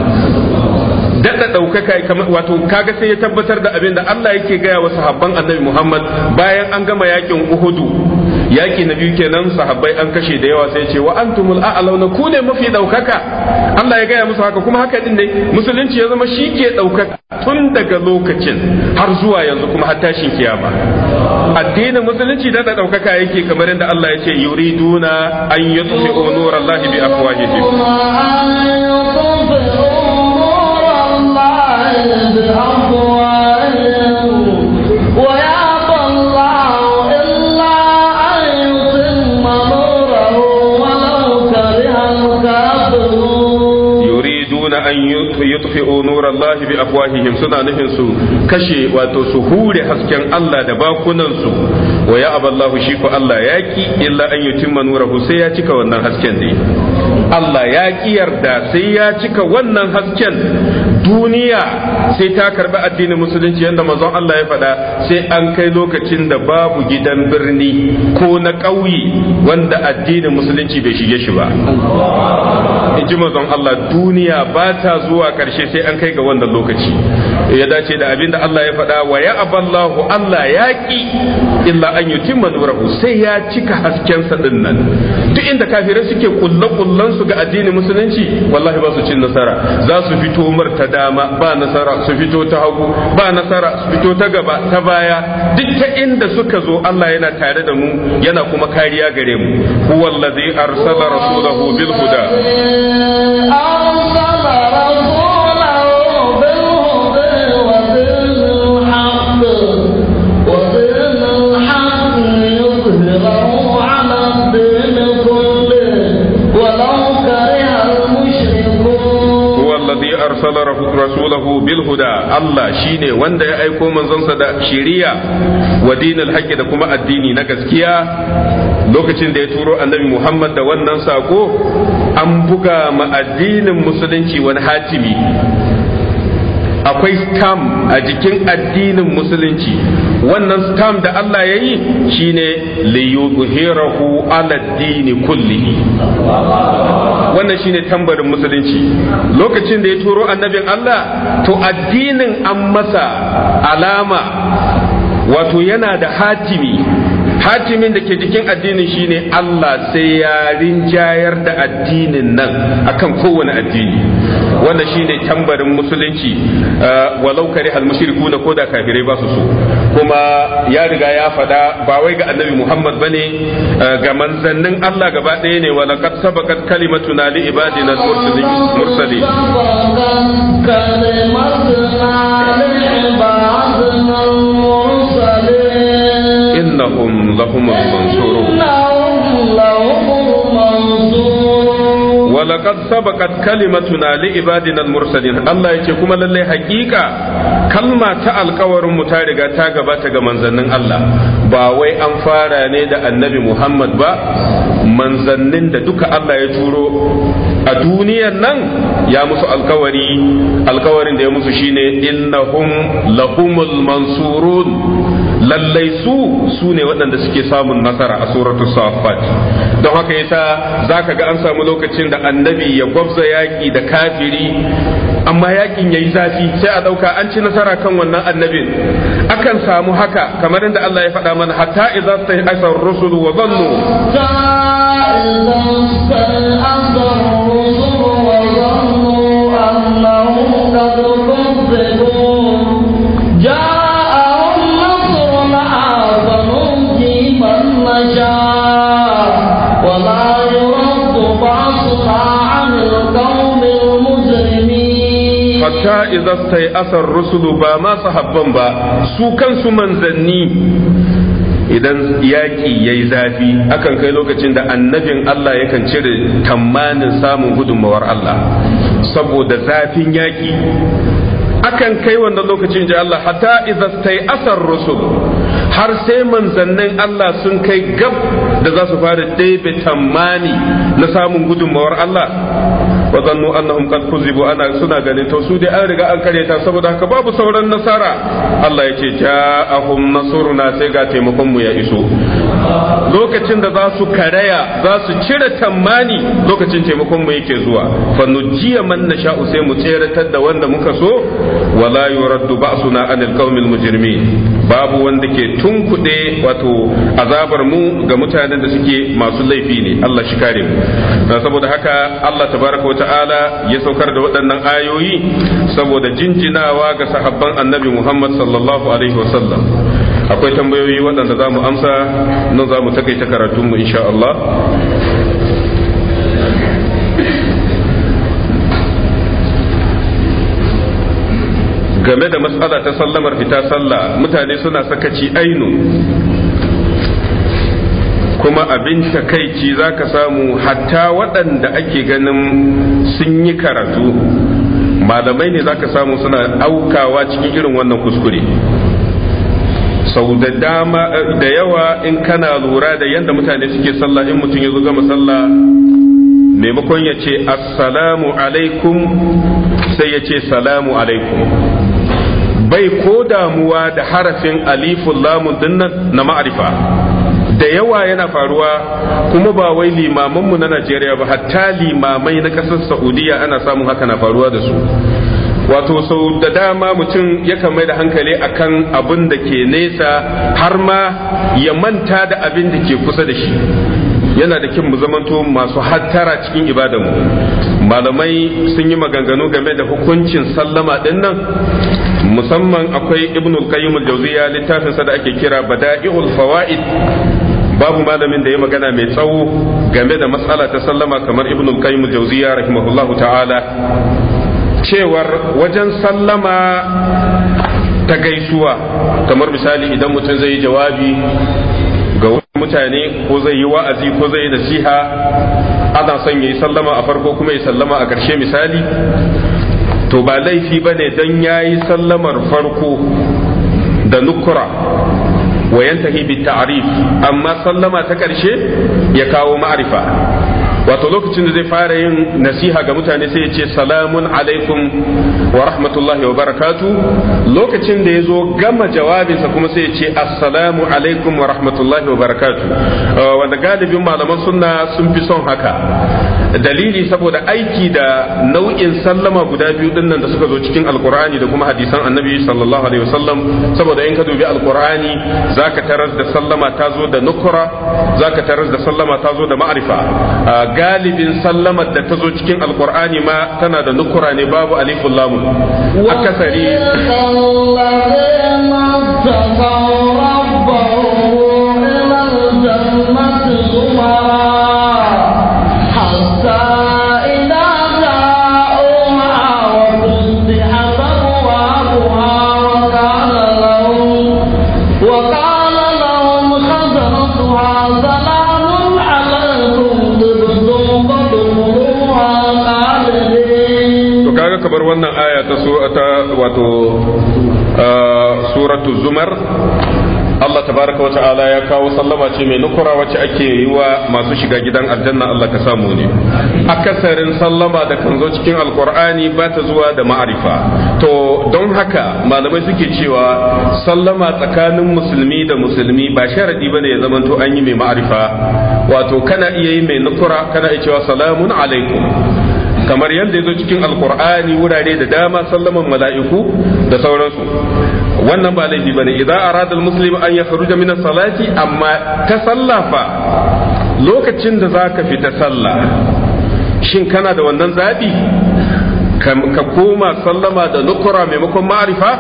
[SPEAKER 1] daɗa ɗaukaka wato kaga sai ya tabbatar da abin da Allah yake gaya wa sahabban annabi Muhammad bayan an gama yakin Uhudu yaki na biyu kenan sahabbai an kashe da yawa sai ce wa antumul a'launa ku ne mafi ɗaukaka Allah ya gaya musu haka kuma haka din ne musulunci ya zama shi ke ɗaukaka tun daga lokacin har zuwa yanzu kuma har tashin kiyama addinin musulunci da ɗaukaka yake kamar yadda Allah ya ce yuriduna an yutfi'u nurallahi bi afwahihim أن يطفئوا nurallahi bi afwahihim suna nufin su kashe wato su hure hasken Allah da bakunansu su wa ya aballahu shi ko Allah yaki illa an yutimma nurahu sai ya cika wannan hasken ne Allah ya ki yarda sai ya cika wannan hasken duniya sai ta karbi addinin musulunci yadda manzon Allah ya faɗa sai an kai lokacin da babu gidan birni ko na ƙauye wanda addinin musulunci bai shige shi ba in ji manzon Allah duniya ba ta zuwa ƙarshe sai an kai kai ga wannan lokaci ya dace da abin da Allah ya faɗa wa ya aballahu Allah ya ki illa an yutimma nurahu sai ya cika haskensa sa nan duk inda kafirai suke kullu kullan su ga addinin musulunci wallahi ba su cin nasara za su fito marta dama ba nasara su fito ta hagu ba nasara su fito ta gaba ta baya duk ta inda suka zo Allah yana tare da mu yana kuma kariya gare mu huwallazi arsala rasulahu bil huda arsala rasulahu bil huda Allah shine wanda ya aiko manzonsa da shiriya wa dinil haqqi da kuma addini na gaskiya lokacin da ya turo annabi Muhammad da wannan sako an buga ma addinin musulunci wani hatimi akwai stam a jikin addinin musulunci wannan stam da Allah ya yi shine liyuhirahu ala kulli. kullihi wannan shine tambarin musulunci lokacin da ya turo annabin Allah to addinin an masa alama wato yana da hatimi hatimin da ke jikin addinin shine Allah sai ya rinjayar da addinin nan akan kowane addini wanda shine tambarin musulunci uh, walau kare al mushrikuna ko da kafirai ba su so kuma ya riga ya faɗa ba wai ga annabi Muhammad bane uh, ga manzannin Allah gaba ɗaya ne wala qad sabaqat kalimatuna li ibadina al mursalin اللهم انصره ولقد سبقت كلمتنا لعبادنا المرسلين الله yake kuma lallai hakika kalma ta alkawarin mu ta riga ta gabata ga manzannin Allah ba wai an fara ne da annabi Muhammad ba manzannin da duka Allah ya turo a duniyan nan ya musu alkawari alkawarin da ya musu shine innahum lahumul mansurun lallai su su ne waɗanda suke samun nasara a suratul safat don haka yasa zaka ga an samu lokacin da annabi ya gwabza yaƙi da kafiri amma yakin yayi zafi sai a ɗauka an ci nasara kan wannan annabin akan samu haka kamar inda Allah ya faɗa mana hatta idza ta'asar rusul wa dhannu sha izastai sai asar rusulu ba ma habban ba su kansu manzanni idan yaƙi ya yi zafi akan kai lokacin da annabin Allah yakan cire tamanin samun gudunmawar Allah saboda zafin yaƙi akan kai wanda lokacin da Allah hatta idza sai asar rusul har sai manzannin Allah sun kai gab da za su fara ɗebe tammani na samun gudunmawar Allah wa zannu annahum qad kuzibu ana suna ganin to su dai an riga an kareta saboda haka babu sauran nasara Allah ya ce ja'ahum nasruna sai ga taimakon mu ya iso lokacin da za su karaya za su cire tammani lokacin taimakon mu yake zuwa fannu jiya man shau sai mu tseratar da wanda muka so wala yuraddu ba'suna anil qaumil mujrimin babu wanda ke tunkude wato azabar mu ga mutanen da suke masu laifi ne Allah shi kare mu saboda haka Allah tabaraka ta'ala ya saukar da waɗannan ayoyi saboda jinjinawa ga sahabban annabi Muhammad sallallahu alaihi wasallam akwai tambayoyi waɗanda za mu amsa nan za mu takaita karatunmu insha Allah game da matsala ta sallamar fita sallah mutane suna sakaci ainu kuma abin takaici za ka samu hatta waɗanda ake ganin sun yi karatu malamai ne za ka samu suna aukawa cikin irin wannan kuskure sau da dama da yawa in kana lura da yadda mutane suke sallah in mutum ya zo gama sallah maimakon ya ce assalamu alaikum sai ya ce salamu alaikum bai ko damuwa da harafin alifun lamun dinnan na ma'arifa da yawa yana faruwa kuma ba wai limamanmu na najeriya ba hatta limamai na ƙasar saudiya ana samun haka na faruwa da su wato sau da dama mutum yakan mai da hankali akan abin da ke nesa har ma ya manta da abin da ke kusa da shi yana da kin mu zamanto masu hattara cikin mu. malamai sun yi maganganu game da hukuncin sallama din nan musamman akwai ibnul qayyim al-jawziya littafin sa da ake kira bada'iul fawaid babu malamin da ya magana mai tsawo game da matsala ta sallama kamar ibn qayyim al-jawziya rahimahullahu ta'ala cewar wajen sallama ta gaisuwa kamar misali idan mutum zai yi jawabi ga mutane ko zai yi wa'azi ko zai yi nasiha ana son ya yi sallama a farko kuma ya sallama a ƙarshe misali to ba laifi ba ne don ya yi sallamar farko da nukura wa yantahi bi ta'rif amma sallama ta ƙarshe ya kawo ma'arifa wato lokacin da zai fara yin nasiha ga mutane sai ya ce salamun alaikum wa rahmatullahi wa barakatu lokacin da ya zo gama jawabinsa kuma sai ya ce assalamu alaikum wa rahmatullahi wa barakatu uh, wanda galibin malaman sunna sun fi son haka dalili saboda aiki da nau'in sallama guda biyu din nan da suka zo cikin alkur'ani da kuma hadisan annabi sallallahu alaihi wasallam saboda in ka dubi alkur'ani zaka tarar da sallama ta zo da nukura zaka tarar da sallama ta zo da ma'rifa galibin sallamar da ta zo cikin alkur'ani ma tana da nukura ne babu alifun lamun akasari tabaraka wa ta'ala ya kawo sallama ce mai nukura wacce ake yi wa masu shiga gidan aljanna Allah ka samu ne akasarin sallama da kan zo cikin alkur'ani ba ta zuwa da ma'arifa to don haka malamai suke cewa sallama tsakanin musulmi da musulmi ba sharadi bane ya zamanto an yi mai ma'arifa wato kana iya yi mai nukura kana iya cewa salamun alaikum kamar yadda yazo cikin alkur'ani wurare da dama sallaman mala'iku da sauransu wannan ba laifi bane idan arada almuslim an yakhruja min as-salati amma ta sallafa lokacin da zaka fita sallah shin kana da wannan zabi ka koma sallama da nukura maimakon ma'arifa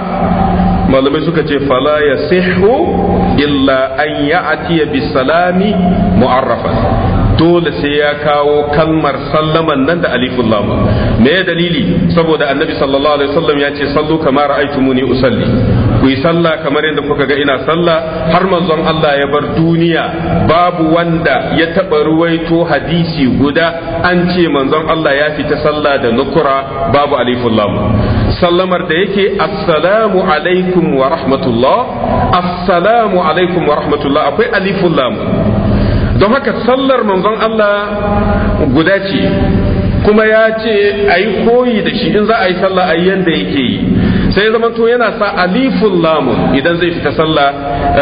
[SPEAKER 1] malamai suka ce fala ya sihu illa an ya bi salami mu'arrafa dole sai ya kawo kalmar sallaman nan da alifun lam me dalili saboda annabi sallallahu alaihi wasallam ya ce sallu kama ra'aytumuni usalli ku yi sallah kamar yadda kuka ga ina sallah har manzon Allah ya bar duniya babu wanda ya taba ruwaito hadisi guda an ce manzon Allah ya fita sallah da nukura babu alifun sallamar da yake assalamu alaikum wa rahmatullah assalamu alaikum wa rahmatullah akwai alifun don haka sallar manzon Allah guda ce kuma ya ce a yi koyi da shi in za a yi sallah a yi yanda yake yi sai zama to yana sa alifun lamun idan zai fita sallah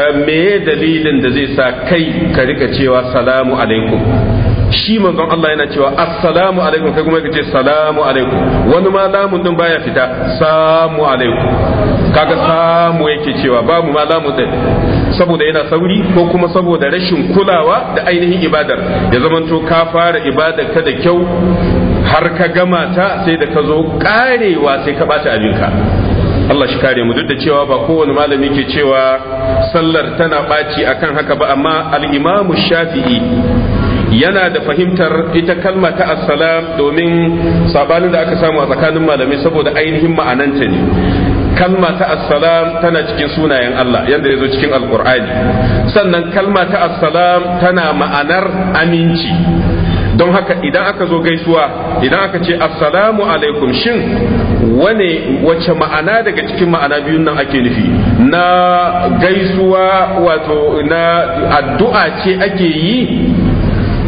[SPEAKER 1] eh, me dalilin da zai sa kai ka rika cewa salamu alaikum shi manzon Allah yana cewa assalamu alaikum kai kuma ka ce salamu alaikum wani ma lamun din baya fita samu alaikum kaga lamu yake cewa babu ma mu din saboda yana sauri ko kuma saboda rashin kulawa da ainihin ibadar ya zamanto ka fara ibadar ka da kyau har ka gama ta sai da ka zo karewa sai ka bata abinka Allah shi kare mu duk da cewa ba kowane malami ke cewa sallar tana ɓaci akan haka ba amma al-imamu shafi'i yana da fahimtar ita kalmata ta assalam domin sabanin da aka samu a tsakanin malamai saboda ainihin ma'ananta ne kalma ta assalam tana cikin sunayen Allah yadda ya zo cikin alkur'ani sannan kalma ta assalam tana ma'anar aminci don haka idan aka zo gaisuwa idan aka ce assalamu alaikum shin wane wace ma'ana daga cikin ma'ana biyun nan ake nufi na gaisuwa wato na addu'a ce ake yi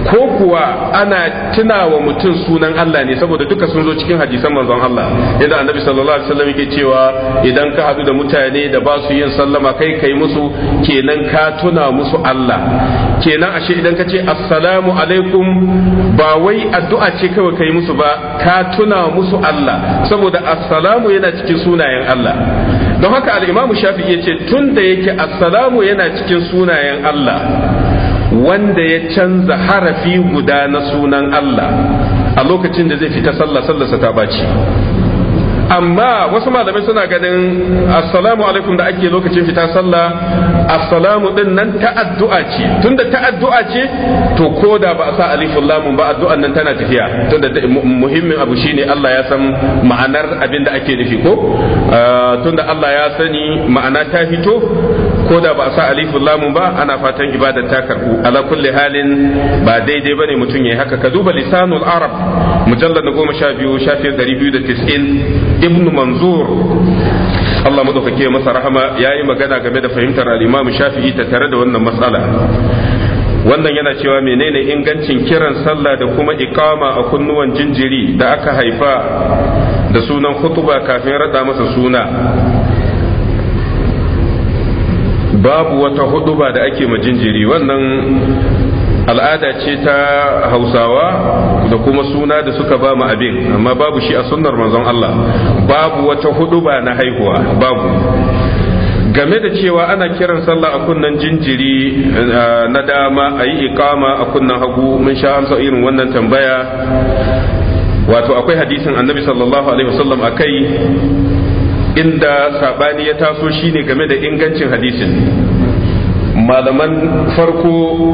[SPEAKER 1] ko kuwa ana tuna wa mutum sunan Allah ne saboda duka sun zo cikin hadisan manzon Allah yadda annabi sallallahu alaihi wasallam yake cewa idan ka hadu da mutane da ba su yin sallama kai kai musu kenan ka tuna musu Allah kenan ashe idan ka ce assalamu alaikum ba wai addu'a ce kawai kai musu ba ka tuna musu Allah saboda assalamu yana cikin sunayen Allah don haka al imam shafi'i yace tunda yake assalamu yana cikin sunayen Allah wanda ya canza harafi guda na sunan Allah a lokacin da zai fita sallah sallarsa ta baci amma wasu malamai suna ganin assalamu alaikum da ake lokacin fita sallah assalamu din nan ta'addu'a ce tunda ta'addu'a ce to ko da ba a sa alifun lamun ba addu'an nan tana tafiya tunda muhimmin abu shine Allah ya san ma'anar abin da ake nufi ko ah, tunda Allah ya sani ma'ana ta fito ko da ba a sa alifu lamun ba ana fatan ibadar ta karbu ala kulli halin ba daidai ba ne mutum ya yi haka ka duba lisanul arab mujallar na goma sha biyu shafi ɗari biyu da tis'in ibnu manzur Allah madaukake masa rahama yayi magana game da fahimtar al-imam shafi'i tare da wannan matsala wannan yana cewa menene ingancin kiran sallah da kuma ikama a kunnuwan jinjiri da aka haifa da sunan hutuba kafin rada masa suna babu wata huduba da ake ma jinjiri wannan al'ada ce ta hausawa da kuma suna da suka ba mu abin amma babu shi a sunnar manzon Allah babu wata huduba na haihuwa babu game da cewa ana kiran sallah a kunnan jinjiri eh, na dama a yi ikama a kunnan hagu mun sha amsa irin wannan tambaya wato akwai hadisin annabi sallallahu alaihi wasallam a kai inda sabani ya taso shi ne game da ingancin hadisin malaman farko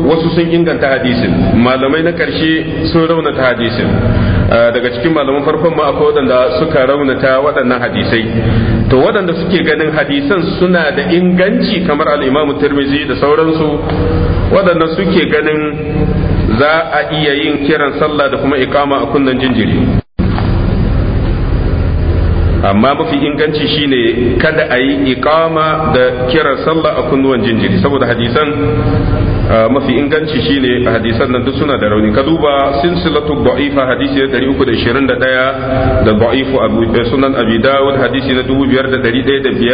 [SPEAKER 1] wasu sun inganta hadisin malamai na ƙarshe sun raunata hadisin ah, daga cikin malaman farkon ma akwai waɗanda suka raunata waɗannan hadisai to waɗanda suke ganin hadisan suna da inganci kamar al'imamu turmizi da sauransu waɗanda suke ganin za a iya yin kiran sallah da kuma ikama a kunnen jinjiri amma mafi inganci shine kada a yi iqama da kiran sallah a kunnuwan jinjiri saboda hadisan mafi inganci shine hadisan nan duk suna da rauni ka duba silsilatu da'ifa hadisi na 321 da da'ifu eh, sunan abi dawud hadisi na 5105 eh,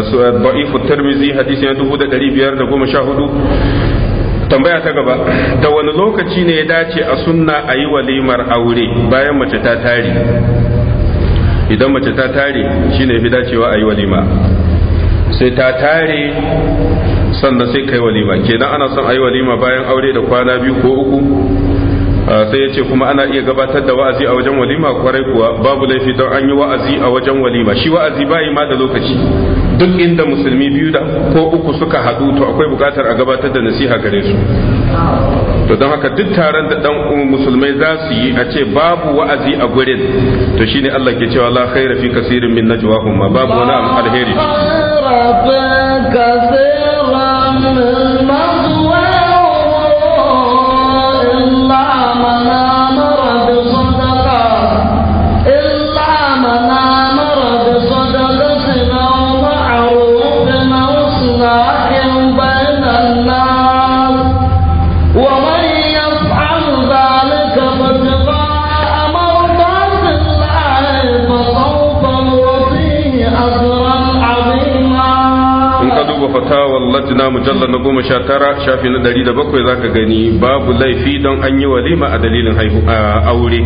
[SPEAKER 1] eh, da'ifu tirmizi hadisi na 2514 tambaya ta gaba da wani lokaci ne ya dace a sunna a yi walimar aure bayan mace ta tare idan mace ta tare shine fi dacewa a yi walima sai ta tare sannan sai kai walima kenan ana son a yi walima bayan aure da kwana biyu ko uku ah, sai ya ce kuma ana iya gabatar da wa'azi a wajen walima kwarai kuwa babu laifi don an yi wa'azi a wajen walima shi wa'azi bayi ma da lokaci duk inda musulmi biyu da ko uku suka haɗu to akwai bukatar a gabatar da nasiha gare su to don haka duk taron da dan musulmai za su yi a ce babu wa'azi a gurin to shine Allah ke cewa la khaira fi kasirin min najwahum ma babu wani alheri min najwahum illa na mujallar na goma sha tara shafi na ɗari da bakwai za ka gani babu laifi don an yi walima a dalilin aure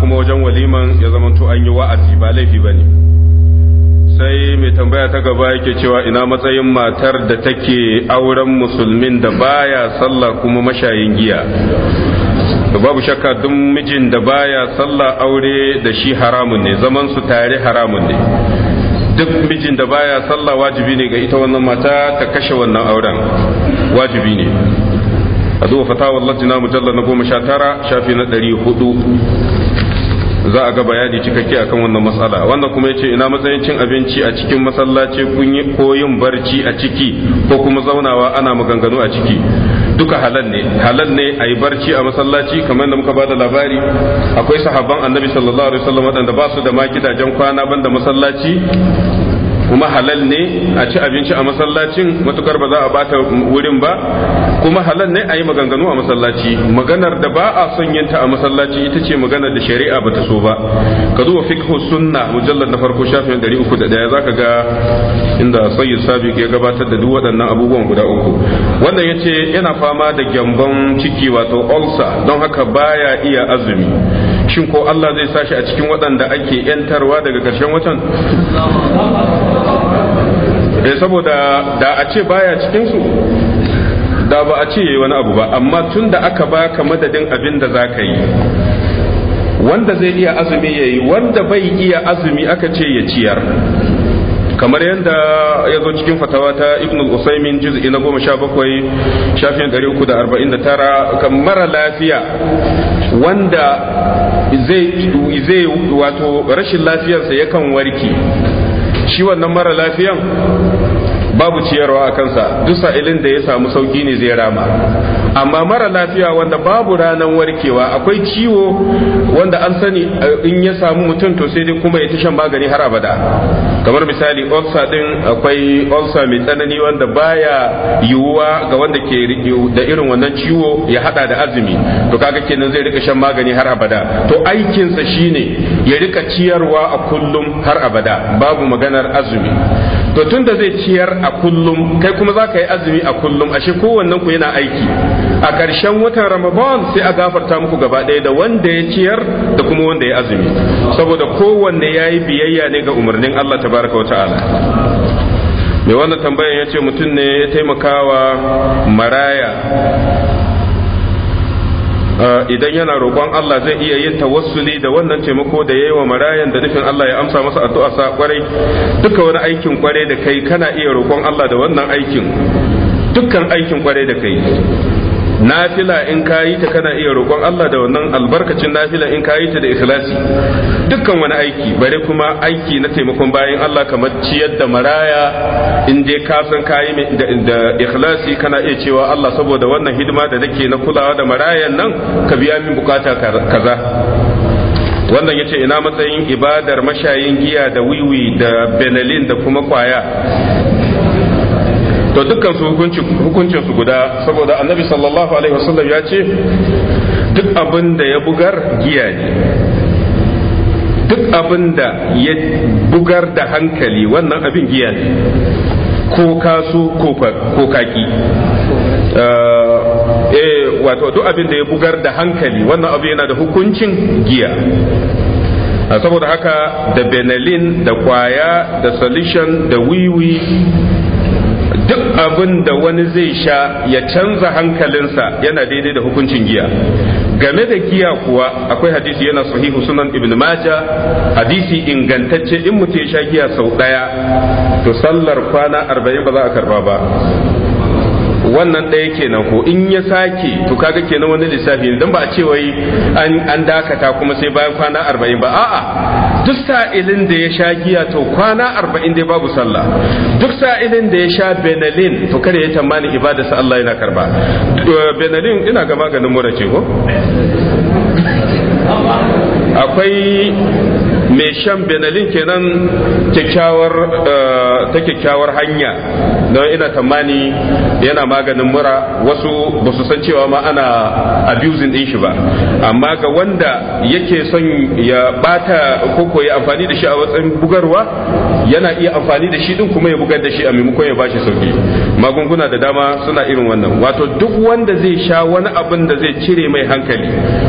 [SPEAKER 1] kuma wajen waliman ya to an yi wa'azi ba laifi ba ne sai mai tambaya ta gaba yake cewa ina matsayin matar da take auren musulmin da baya sallah kuma mashayin giya babu shakka duk mijin da baya sallah aure da shi haramun ne zaman su tare haramun ne duk mijin da baya sallah wajibi ne ga ita wannan mata ta kashe wannan auren wajibi ne a zuwa fatawar lajina mujallar na goma sha tara shafi na ɗari hudu za a ga bayani cikakke akan wannan matsala wanda kuma yace ina matsayin cin abinci a cikin masallaci ko yin barci a ciki ko kuma zaunawa ana maganganu a ciki duka halal ne halal ne a yi barci a masallaci kamar da muka bada labari akwai sahabban annabi sallallahu alaihi wasallam waɗanda ba su da ma gidajen kwana banda masallaci kuma halal ne a ci abinci a masallacin matukar ba za a bata wurin ba kuma halal ne a yi maganganu a masallaci maganar da ba a son yinta a masallaci ita ce maganar da shari'a ba ta so ba ka zuwa fiqhu sunna mujallar na farko shafin 301 zaka ga inda sayyid sabiq ya gabatar da duk waɗannan abubuwan guda uku wannan yace yana fama da gyambon ciki wato ulcer don haka baya iya azumi shin ko Allah zai sashi a cikin waɗanda ake 'yantarwa daga karshen watan dai saboda da a ce baya cikin su da ba a ce yayi wani abu ba amma tun da aka baka madadin abin da za ka yi wanda zai iya azumi ya yi wanda bai iya azumi aka ce ya ciyar kamar yadda ya zo cikin fatawa ta ibn usaimin juz'i na goma sha bakwai shafin ɗari uku da arba'in da tara kan mara lafiya wanda zai wato rashin lafiyarsa yakan warki. shi wannan mara lafiyan babu ciyarwa a kansa duk sa'ilin da ya samu sauki ne zai rama amma mara lafiya wanda babu ranan warkewa akwai ciwo wanda an sani eh, in ya samu mutum to sai dai kuma ya ta shan magani har abada kamar misali ulcer din akwai ulcer mai tsanani wanda baya yiwuwa ga wanda ke da irin wannan ciwo ya hada da azumi to kaga kenan zai rika shan magani har abada to aikinsa shine ya rika ciyarwa a kullum har abada babu maganar azumi to da zai ciyar a kullum kai kuma za ka yi azumi a kullum ashe kowannen ku yana aiki a ƙarshen watan ramadan sai a gafarta muku gaba ɗaya da wanda ya ciyar da kuma wanda ya azumi saboda kowanne ya yi biyayya ne ga umarnin allah Ta baraka wa ta'ala mai wannan tambayan ya ce mutum ne ya taimaka wa maraya idan yana roƙon Allah zai iya yin tawassuli da wannan taimako da yayi wa marayan da nufin Allah ya amsa masa addu'a sa kwarai duka wani aikin kwarai da kai kana iya roƙon Allah da wannan aikin dukkan aikin kwarai da kai nafila in kayi ta kana iya roƙon Allah da wannan albarkacin nafila in kayi ta da ikhlasi dukkan wani aiki bare kuma aiki na taimakon bayan Allah kamar ciyar da maraya in dai ka san kayi da ikhlasi kana iya cewa Allah saboda wannan hidima da nake na kulawa da marayan nan ka biya min bukata kaza wannan yace ina matsayin ibadar mashayin giya da wiwi da benelin da kuma kwaya to dukkan su hukuncin su guda saboda annabi sallallahu alaihi wasallam ya ce duk abin da ya bugar giya ne duk abin da ya bugar da hankali wannan abin giya ne ko kaso ko kaki eh, eh wato duk abin da ya bugar da hankali wannan abu yana da hukuncin giya saboda haka da benelin da kwaya da solution da wiwi duk abin da wani zai sha ya canza hankalinsa yana daidai da hukuncin giya game da giya kuwa akwai hadisi yana sahihu sunan ibn maja hadisi ingantacce in mutum ya sha giya sau daya to sallar kwana arba'in ba za a karba ba wannan ɗaya kenan ko in ya sake to kaga kenan wani lissafi ne dan ba a ce wai an dakata kuma sai bayan kwana arba'in ba a'a duk sa'ilin da ya sha giya to kwana arba'in dai babu sallah duk sa'ilin da ya sha benalin to kada ya tamani ibadarsa Allah yana karba eh, benalin ina ga maganin mura ce ko akwai mai shan benalin kenan kyakkyawar eh, ta kyakkyawar hanya don ina tamani yana maganin mura wasu ba su san cewa ma ana abusing din shi ba amma ga wanda yake son ya bata koko ya amfani da shi a watsayin bugarwa yana iya amfani da shi din kuma ya bugar da shi a maimakon ya bashi sauki magunguna da dama suna irin wannan wato duk wanda zai sha wani abin da zai cire mai hankali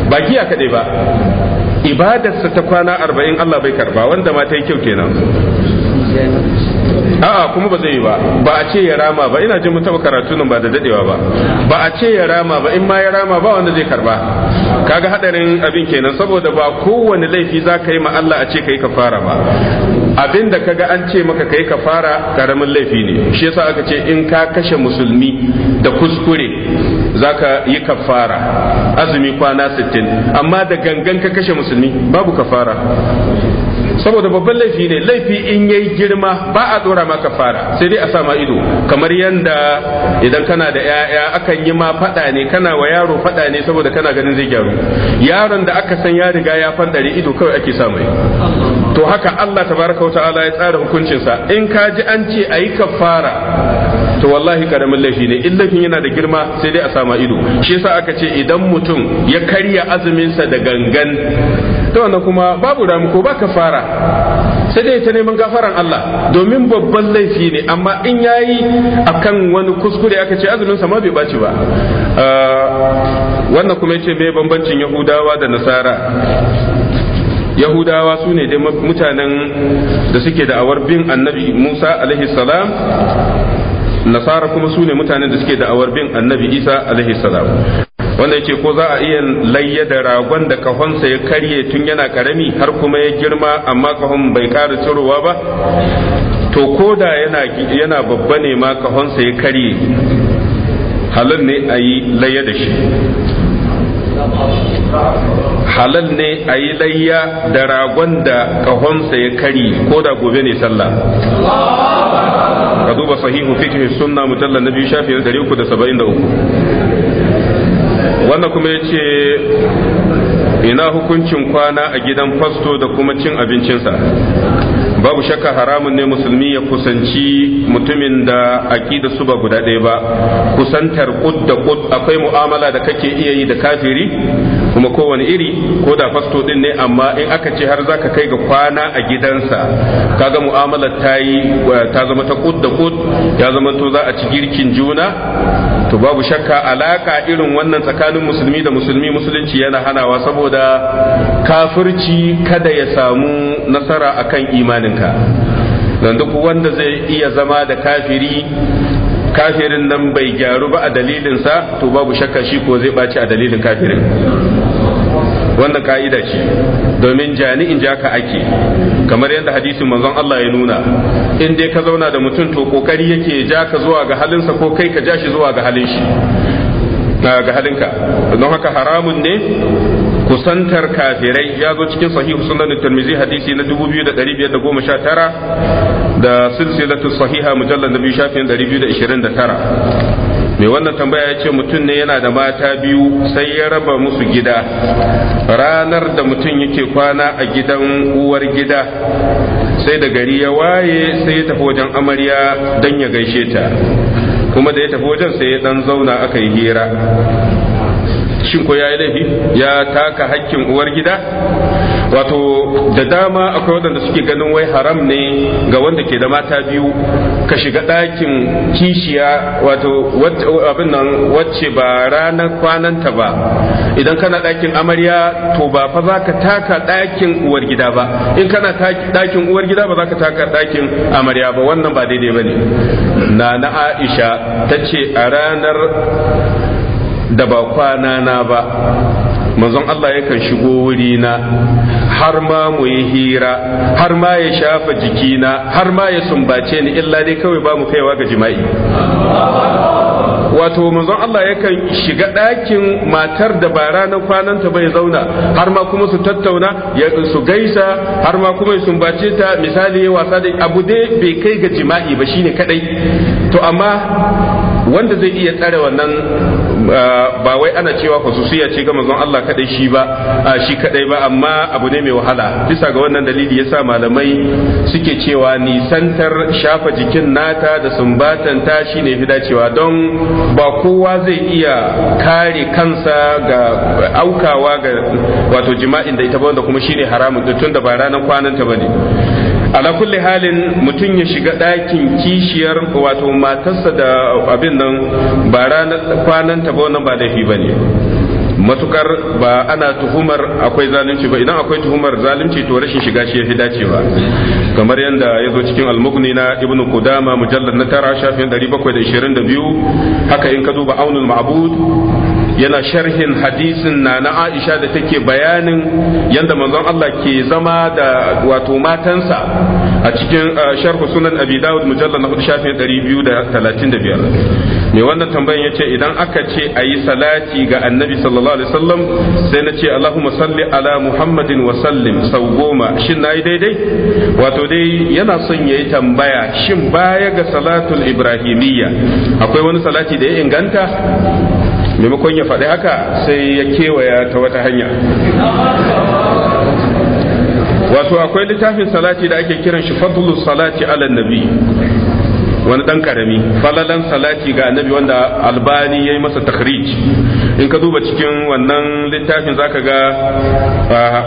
[SPEAKER 1] ba giya kaɗai ba ibadarsa ta kwana arba'in Allah bai karba wanda ma ta yi kyau kenan a'a kuma ba zai yi ba ba a ce ya rama ba ina jin mun taba karatu nan ba da dadewa ba ba a ce ya rama ba in ma ya rama ba wanda zai karba kaga hadarin abin kenan saboda ba kowane laifi za ka yi ma Allah a ce kai kafara ba abin da kaga an ce maka kai kafara karamin laifi ne shi yasa aka ce in ka kashe musulmi da kuskure zaka yi kafara azumi kwana 60 amma da gangan ka kashe musulmi babu kafara saboda babban laifi ne laifi in yayi girma ba a dora maka fara sai dai a sa ma ido kamar yanda idan kana da yaya akan yi ma fada ne kana wa yaro fada ne saboda kana ganin zai gyaru yaron da aka san ya riga ya fandare ido kawai ake sa mai to haka Allah tabaraka ta'ala ya tsara hukuncin sa in ka ji an ce ayi kafara to wallahi karamin laifi ne in laifin yana da girma sai dai a sama ido shi yasa aka ce idan mutum ya karya azumin sa da gangan ta wannan kuma babu ramuko ba fara sai dai ta neman gafaran Allah domin babban laifi ne amma in yayi akan wani kuskure aka ce azumin sa ma bai baci ba ah, wannan kuma yace me bambancin Yahudawa da Nasara yahudawa su ne dai mutanen da suke da awar bin annabi musa alaihi salam nasara kuma su ne mutanen da suke da'awar bin annabi isa alaihi salam wanda yake ko za a iya layya da ragon da kahonsa ya karye tun yana karami har kuma ya girma amma kahon bai kara tsirowa ba to ko da yana babba ne ma kahonsa ya karye halal ne a yi layya da shi halal ne a yi layya da ragon da kahonsa ya karye ko da gobe ne
[SPEAKER 4] sallah ka
[SPEAKER 1] duba sahihu fiqh sunna mujallal nabi shafi 373 wannan kuma yace ina hukuncin kwana a gidan fasto da kuma cin abincinsa babu shakka haramun ne musulmi ya kusanci mutumin da aƙida su ba guda ɗaya ba kusantar kud da kud akwai mu'amala da kake iya yi da kafiri kuma kowane iri ko da fasto din ne amma in aka ce har zaka kai ga kwana a gidansa kaga mu'amalar ta yi ta zama ta kud da kud ya zama to za a ci girkin juna to babu shakka alaka irin wannan tsakanin musulmi da musulmi musulunci yana hanawa saboda kafirci kada ya samu nasara akan imaninka don duk wanda zai iya zama da kafiri kafirin nan bai gyaru ba a dalilinsa to babu shakka shi ko zai ɓaci a dalilin kafirin wannan ka'ida ce domin jani in jaka ake kamar yadda hadisin manzon Allah ya nuna in dai ka zauna da mutum to kokari yake ja ka zuwa ga halinsa ko kai ka ja shi zuwa ga halin shi ga halinka don haka haramun ne kusantar kafirai ya zo cikin sahihu sunan tirmizi hadisi na 2519 da silsilatu sahiha mujallal nabi shafin 229 mai wannan tambaya ya ce mutum ne yana da mata biyu sai ya raba musu gida ranar da mutum yake kwana a gidan uwar gida sai da gari ya waye sai ya tafi wajen amarya don ya gaishe ta kuma da ya tafi wajen sai ya dan zauna aka yi hira shin ko ya yi laifi ya taka hakkin uwar gida wato da dama akwai waɗanda suke ganin wai haram ne ga wanda ke da mata biyu ka shiga ɗakin kishiya wato abin nan wacce ba ranar kwananta ba idan kana ɗakin amarya to ba fa za ka taka ɗakin uwar gida ba in kana ɗakin uwar gida ba za ka taka ɗakin amarya ba wannan ba daidai ba ne na na aisha ta ce a ranar da ba kwana ba manzon Allah yakan shigo wurina har ma mu yi hira har ma ya shafa jikina har ma ya sumbace ni illa dai kawai ba mu kaiwa ga jima'i wato manzon Allah yakan shiga ɗakin matar da ba ranar kwananta bai zauna har ma kuma su tattauna ya su gaisa har ma kuma ya sumbace ta misali wasa da abu dai bai kai ga jima'i ba shine kadai to amma wanda zai iya tsare wannan uh, ba wai ana cewa hususiya ce ga manzon Allah kadai shi ba uh, shi kadai ba amma abu ne mai wahala bisa ga wannan dalili yasa malamai suke cewa nisantar shafa jikin nata da sumbatan ta shine fi dacewa don ba kowa zai iya kare kansa ga aukawa ga wato jima'in da ita ba wanda kuma shine haramun tunda ba ranar kwanan ta bane ala kulli halin mutum ya shiga ɗakin kishiyar wato matarsa da abin nan ba ranar kwanan ta ba wannan ba laifi ba ne matukar ba ana tuhumar akwai zalunci ba idan akwai tuhumar zalunci to rashin shiga shi yafi dacewa kamar yadda ya zo cikin almugni na ibn kudama mujallar na tara shafin 722 haka in ka duba aunul ma'bud yana sharhin hadisin na na aisha da take bayanin yadda manzon Allah ke zama da wato matansa a cikin uh, sharhu sunan abi dawud mujallal na shafin 235 Me wannan tambayan ya ce idan aka ce a yi salati ga annabi sallallahu alaihi wasallam sai na ce allahumma salli ala muhammadin wa sallim sau goma shin na yi daidai wato dai yana son ya yi tambaya shin baya ga salatul ibrahimiyya akwai wani salati da ya inganta maimakon ya faɗi haka sai ya kewaya ta wata hanya wato akwai littafin salati da ake kiran shi fadlus salati ala nabi wani dan karami falalan salati ga annabi wanda albani ya yi masa takhrij in ka duba cikin wannan littafin zaka ga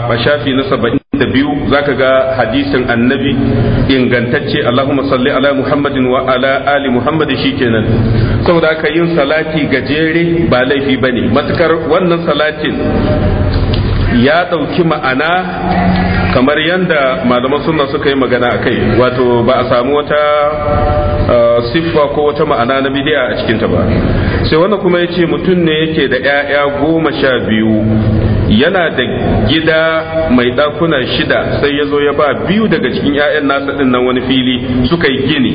[SPEAKER 1] a shafi na saba'in da biyu zaka ga hadisin annabi ingantacce Allahumma salli ala Muhammadin wa ala ali Muhammad shikenan saboda ka yin salati gajere ba laifi bane matukar wannan salatin ya ɗauki ma'ana kamar yadda malaman suna suka yi magana a kai wato ba a samu wata uh, siffa ko wata ma'ana na bidiya a cikinta ba sai wannan kuma ya ce mutum ne yake da 'ya'ya goma sha biyu yana da gida mai dakuna shida sai ya zo ya ba biyu daga cikin 'ya'yan nasa ɗin nan wani fili suka yi gini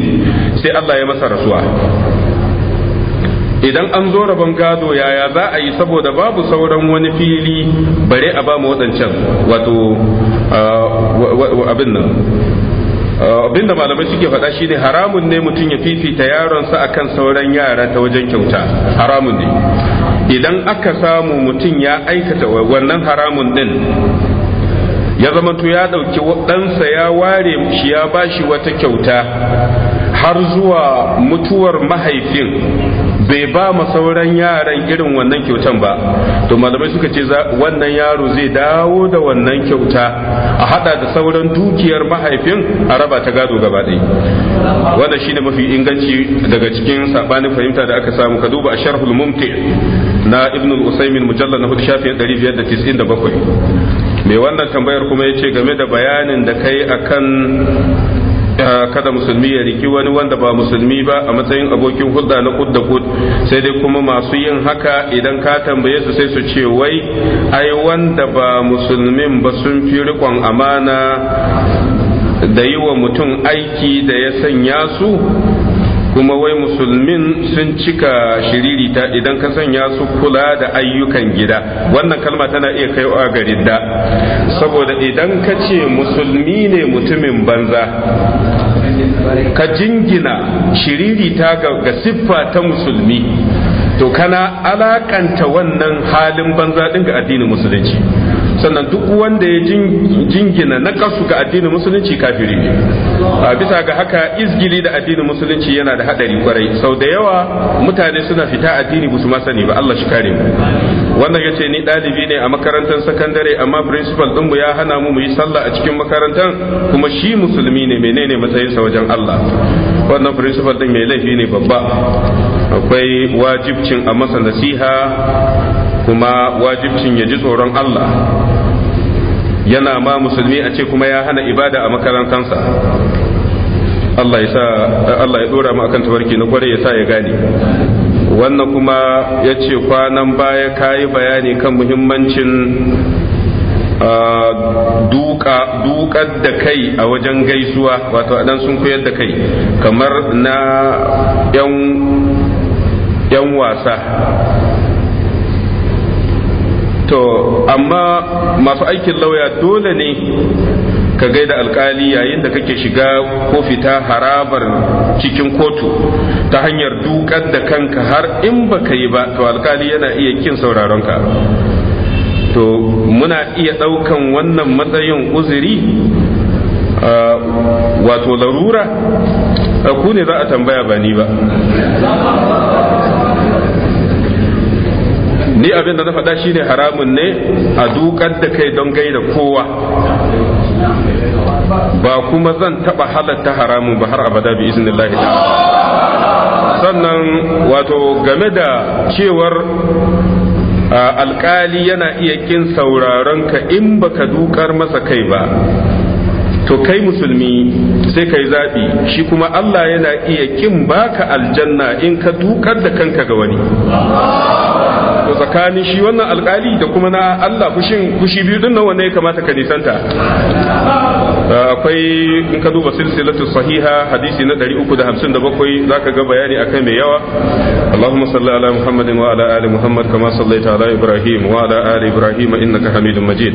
[SPEAKER 1] sai Allah ya masa rasuwa idan an zo rabon gado yaya za a yi saboda babu sauran wani fili bare a ba mu waɗancan wato uh, abin nan abinda malamai suke faɗa shi ne haramun ne mutum ya fifita yaronsa akan sauran yara ta wajen kyauta haramun ne idan aka samu mutum ya aikata wannan haramun din ya zamanto ya ɗauki ɗansa ya ware shi ya bashi wata kyauta har zuwa mutuwar mahaifin bai ba ma sauran yaran irin wannan kyautan ba to malamai suka ce wannan yaro zai dawo da wannan kyauta a hada da sauran dukiyar mahaifin a raba ta gado gaba
[SPEAKER 4] ɗaya
[SPEAKER 1] wannan ne mafi inganci daga cikin sabanin fahimta da aka samu ka duba a sharhul mumti na ibn al mujallal na hudu shafin 597 mai wannan tambayar kuma ya ce game da bayanin da kai akan kada musulmi ya riki wani wanda ba musulmi ba a matsayin abokin hulɗa na kud da kud sai dai kuma masu yin haka idan ka tambaye su sai su ce wai ai wanda ba musulmin ba sun fi rikon amana da yi wa mutum aiki da ya sanya su kuma wai musulmin sun cika shiririta idan ka sanya su kula da ayyukan gida wannan kalma tana iya kaiwa ga ridda saboda idan ka ce musulmi ne mutumin banza ka jingina shiririta ga siffa ta musulmi to kana alakanta wannan halin banza din ga addinin musulunci sannan duk wanda ya jingina na kasu ga addinin musulunci kafiri ne a bisa ga haka izgili da addinin musulunci yana da hadari kwarai sau da yawa mutane suna fita addini ba su ma sani ba Allah shi kare mu wannan yace ni dalibi ne a makarantar sakandare amma principal dinmu ya hana mu mu yi sallah a cikin makarantar kuma shi musulmi ne menene matsayin sa wajen Allah wannan principal din mai laifi ne babba akwai wajibcin a masa nasiha kuma wajibcin ya ji tsoron Allah yana ma musulmi a ce kuma ya hana ibada a makarantansa Allah ya sa Allah ya dora mu akan tabarki na kware ya sa ya gane wannan kuma ya ce kwanan baya kayi bayani kan muhimmancin duka dukar da kai a wajen gaisuwa wato adan sun koyar da kai kamar na yan wasa to amma masu aikin lauya dole ne ka gaida alkali yayin da kake shiga ko fita harabar cikin kotu ta hanyar dukar da kanka har in baka yi ba to alkali yana iya kin sauraronka. ka to muna iya ɗaukan wannan matsayin uzuri wato larura ku ne za a tambaya ba ni ba ni abin da na faɗa shine haramun ne a dukar da kai don gaida kowa ba kuma zan taɓa halatta haramun ba har abada bi iznillahi sannan wato game da cewar alkali yana iya kin sauraron ka in baka dukar masa kai ba to kai musulmi sai kai zaɓi shi kuma Allah yana iya kin baka aljanna in ka dukar da kanka ga wani wato tsakanin shi wannan alkali da kuma na Allah kushin kushi biyu din nawa wanda ya kamata ka nisanta akwai in ka duba silsilatu sahiha hadisi na 357 zaka ga bayani akan mai yawa Allahumma salli ala Muhammadin wa ala ali Muhammad kama sallaita ala Ibrahim wa ala ali Ibrahim innaka Hamidum Majid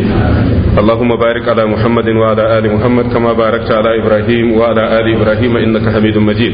[SPEAKER 1] Allahumma barik ala Muhammadin wa ala ali Muhammad kama barakta ala Ibrahim wa ala ali Ibrahim innaka Hamidum Majid